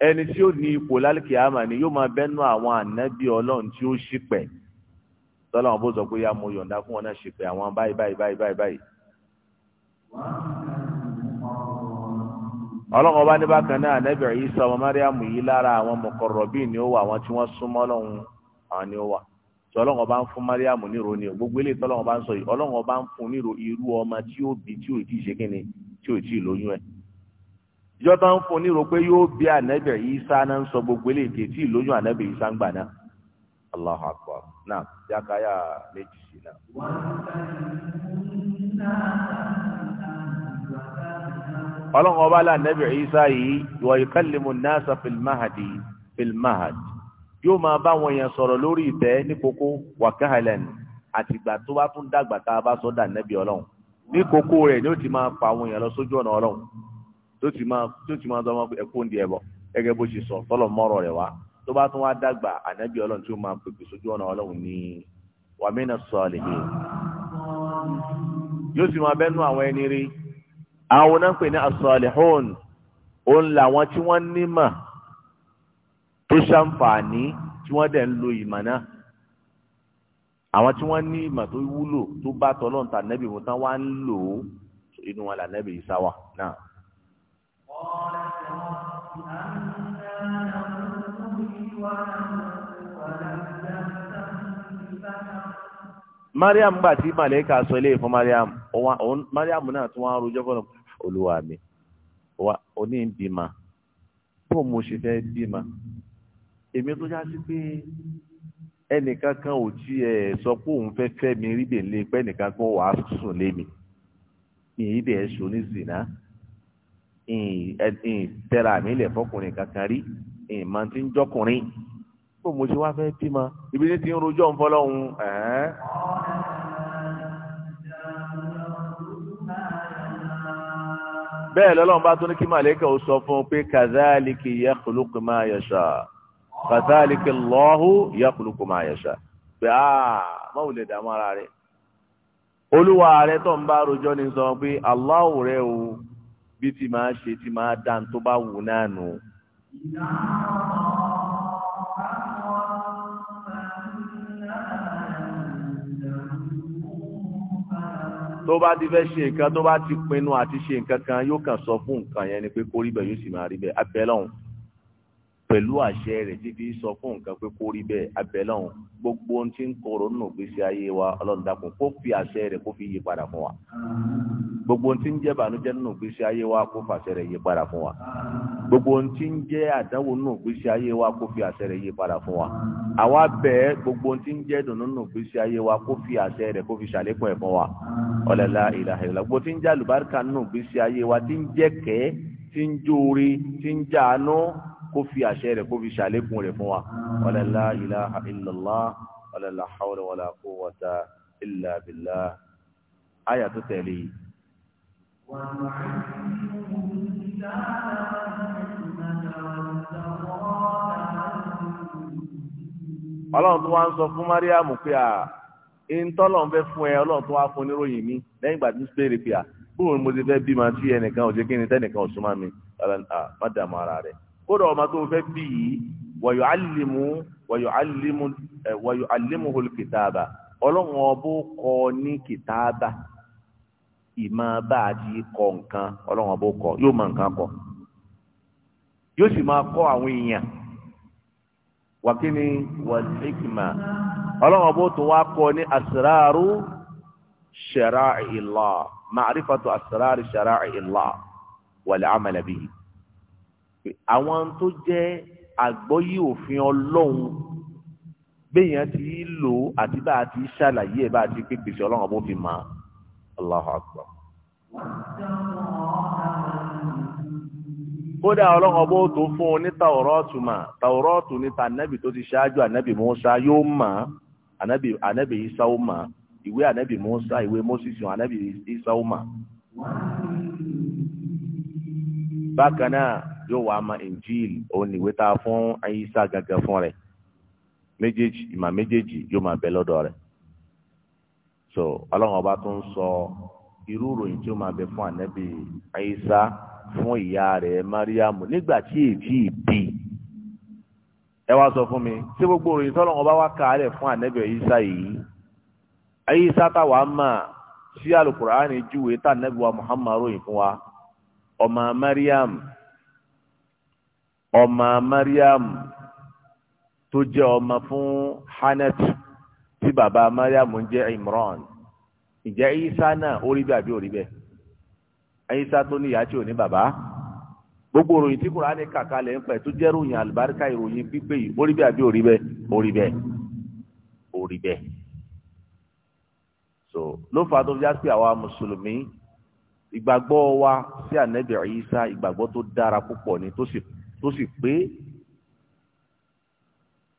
ẹni tí ó ní ipò lálìkìyàmà ni yóò máa bẹ́nu àwọn ànábì ọlọ́run tí ó ṣìpẹ̀ tọ́lá wọn bó sọ ya mo yọ̀ǹda fún wọn náà àwọn báyìí báyìí báyìí báyìí ọba ní bákan náà ọmọ yìí lára àwọn ni ó wà àwọn tí tí ọlọ́run bá ń fún mariamu ni o gbogbo eléyìí tí ọlọ́run ń sọ yìí ọlọ́run ń fún irú ọmọ tí ó bí tí ò tí ì ṣe tí ò tí ì lóyún ẹ̀ ìjọ ń fún nírò pé yóò bí ànábì Ìsá náà ń sọ gbogbo eléyìí tí ì tí ì lóyún yóò máa bá àwọn èèyàn sọ̀rọ̀ lórí ìtẹ́ ní kókó wàkàhálẹ̀ ni àtìgbà tó bá tún dàgbà tá a bá sọ dà nẹ́bí ọlọ́run ní kókó rẹ̀ ni ó ti máa fa àwọn èèyàn lọ sójú ọ̀nà ọlọ́run tó ti máa tó ti máa dán ọmọ ẹ̀kú ń di ẹ̀bọ̀ gẹ́gẹ́ bó ṣe sọ tọ́lọ̀ mọ́rọ̀ rẹ̀ wá tó bá tún wá dàgbà ànẹ́bí ọlọ́run tí ó máa pèpè sójú ọ̀nà ọlọ́run yóò sì máa bẹ́nu àwọn ẹni rí àwọn náà pè ní tó ṣàǹfààní tí wọ́n dẹ̀ ń lo ìmọ̀ náà àwọn tí wọ́n ní ìmọ̀ tó wúlò tó bá tọ́lọ́n ta nẹ́bí mo tán wá ń lò ó inú wọn là nẹ́bí yìí sáwà náà. Mariam gbà tí màlẹ́kà sọ ilé fún Mariam Mariam náà tún wá rojọ́ fún olúwa mi oní ìbímọ bó mo ṣe fẹ́ bímọ èmi tó já sí pé ẹnìkan kan ò tí ẹ sọ pé òun fẹ́ fẹ́ mi rí bẹ̀ lé pé ẹnìkan kan wàá sùn lé mi ìyìn bẹ̀ ẹ̀ sọ ní zìnà ìyìn tẹ́ra mi lẹ̀ fọkùnrin kankan rí ìyìn máa ti ń jọkùnrin bó mo ṣe wá fẹ́ bímọ ibi ní ti ń rojọ́ ń fọlọ́hún ẹ̀ẹ́n. bẹ́ẹ̀ lọ́lọ́run bá tó ní kí màlẹ́kà ó sọ fún un pé kazaliki yakhluqu ma yasha kàtàlíkì lọ́hù yàkùlùkù máa yẹ̀ṣà pé àà ah, máa wùlẹ̀ dààmú ara rẹ̀ olúwa rẹ̀ tó ń bá rojọ́ ní sọ pé aláwò rẹ̀ o bí ti máa ṣe ti máa dá tó bá wù náà nù. tó bá ti fẹ́ ṣe nǹkan tó bá ti pinnu àti ṣe nǹkan kan yóò kàn sọ fún nǹkan yẹn ni pé kó yóò sì máa rí bẹ́ẹ̀ abẹ́ lọ́hùn pẹ̀lú àṣẹ rẹ̀ tí fi sọ fún nǹkan pé kó rí bẹ́ẹ̀ abẹ́lọ́hún gbogbo ohun tí ń kọ̀rọ̀ nínú ìgbésí ayé wa ọlọ́run dákun kó fi àṣẹ rẹ̀ kó fi yí padà fún wa gbogbo ohun tí ń jẹ́ bànújẹ́ nínú ìgbésí ayé wa kó fàṣẹ rẹ̀ yí padà fún wa gbogbo ohun tí ń jẹ́ àdánwò nínú ìgbésí ayé wa kó fi àṣẹ rẹ̀ yí padà fún wa àwa bẹ́ẹ̀ gbogbo ohun tí ń jẹ́ dùnú nínú ìgbésí ayé wa kó fi àṣẹ rẹ̀ kó fi ṣàlékún ẹ̀ fún wa kó fi àṣẹ rẹ̀ kó fi ṣàlékún rẹ̀ fún wa wàlálá ilaha illallah wàlálá haula wàlá quwwata illa billah àyà tó tẹ̀lé yìí. ọlọ́run tó wá ń sọ fún Mariamu pé à ń tọ́lọ́run fẹ́ fún ẹ ọlọ́run tó wá fún oníròyìn mi lẹ́yìn ìgbà tí ń pèrè pé à bóun mo ti fẹ́ bímọ tí ẹnìkan ò jẹ́ kí ni tẹ́nìkan ò súnmọ́ mi ọlọ́run à ara rẹ̀ kódà ọmọ tó fẹ́ bí yìí wọ̀yọ̀ alimu wọ̀yọ̀ alimu ẹ̀ wọ̀yọ̀ alimu hol kìtàbà ọlọ́run ọbó kọ́ ní kìtàbà ìmọ̀ bá a ti kọ nǹkan ọlọ́run ọbó kọ yóò mọ nǹkan kọ yóò sì máa kọ́ àwọn èèyàn wàkíní wàlíkìmà ọlọ́run ọbó tó wá kọ ní asraru shara'i Allah ma'rifatu asraru shara'i Allah wal amala àwọn tó jẹ́ àgbọ́yé òfin ọlọ́run béèyàn ti lò àti bá a ti ṣàlàyé ẹ̀ bá a ti pé gbèsè ọlọ́run ọ̀bọ̀n fi mọ̀ Allahu Akbar. kódà ọlọ́run ọ̀bọ̀n tó fún un ní tàwọ́rọ́ọ̀tù mà tàwọ́rọ́ọ̀tù ní ta ànábì tó ti ṣáájú ànábì Mùsá yóò mọ̀ ànábì ànábì Ìsá ó mọ̀ ìwé ànábì Mùsá ìwé Mósìsì ànábì Ìsá ó bákan náà yóò wá ma injil òun ìwé tá a fún ayíṣà gangan fún rẹ̀ méjèèjì ìmà méjèèjì yóò máa bẹ lọ́dọ̀ so ọlọ́run ọba tó ń sọ irú ìròyìn tí ó fun bẹ fún fun ayíṣà fún ìyá rẹ̀ máríàmù nígbà tí èjì bí ẹ wá sọ fún mi ṣé gbogbo ìròyìn tọ́lọ́run ọba wá kàálẹ̀ fún anabi ayisa yìí ayíṣà táwa máa sí alukuraani júwe tá ànábì wa muhammadu ròyìn fún wa ọmọ mariam ọmọ mariam tó jẹ́ ọmọ fún hanat tí bàbá mariam ń jẹ́ imran ìjẹ́ isa náà ó rí bẹ́ẹ̀ àbí ó rí bẹ́ẹ̀ isa tó ní ìyá tí ò ní bàbá gbogbo ìròyìn tí kùránì kàkà lẹ́ ń pẹ́ tó jẹ́ ròyìn àlùbáríkà ìròyìn pípé yìí ó rí bẹ́ẹ̀ àbí ó rí bẹ́ẹ̀ ó rí bẹ́ẹ̀ so ló fà á tó fi já sí àwa mùsùlùmí ìgbàgbọ́ wa sí ànẹ́bẹ̀rẹ̀ isa ìgbàgbọ́ tó dára púpọ̀ ni tó sì tó sì pé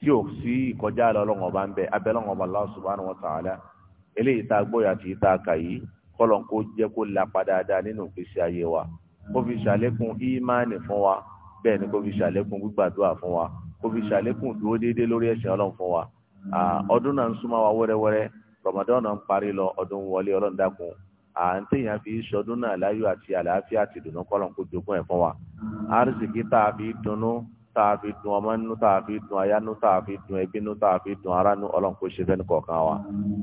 tí ò sí ìkọjá lọ lọ́wọ́ bá ń bẹ abẹ́ lọ́wọ́ bá Allah subhanahu wa ta'ala eléyìí tá a gbọ́ àti tá a kà yìí kọ́lọ̀ kó jẹ́ kó lapa dáadáa nínú ìgbésí ayé wa kó fi ṣàlékún ímánì fún wa bẹ́ẹ̀ ni kó fi ṣàlékún gbígbàdúrà fún wa kó fi ṣàlékún dúró déédéé lórí ẹ̀sìn wa ọdún náà ń súnmọ́ wa wẹ́rẹ́wẹ́rẹ́ ń parí à ń téèyàn fi sọdún náà láyọ̀ àti àlàáfíà àti ìdùnnú kọ́lọ̀ kó jogún ẹ̀ fún wa àrísìkí tá a fi dunnú tá a fi dun ọmọ nínú tá a fi dun aya nínú tá a fi dun ẹbí nínú tá a fi dun ara nínú ọlọ́run kó ṣe fẹ́ni kọ̀ọ̀kan wa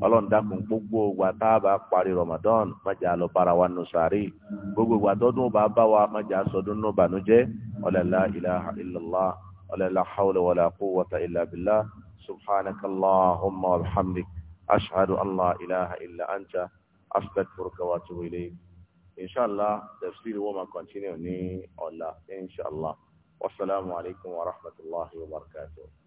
ọlọ́run dákun gbogbo wa tá a bá parí Ramadan má jà lọ bára wa nù sàárì gbogbo wa tọdún bá bá wa má sọdún nù bànújẹ́ ọlẹ́lá ilaha illallah ọlẹ́lá hawla wàlá quwwata illa billah subhanakallahumma wa bihamdik ashhadu an la ilaha illa anta. أستغفرك وأتوب إليك إن شاء الله تفسير وما continue ني أولا إن شاء الله والسلام عليكم ورحمة الله وبركاته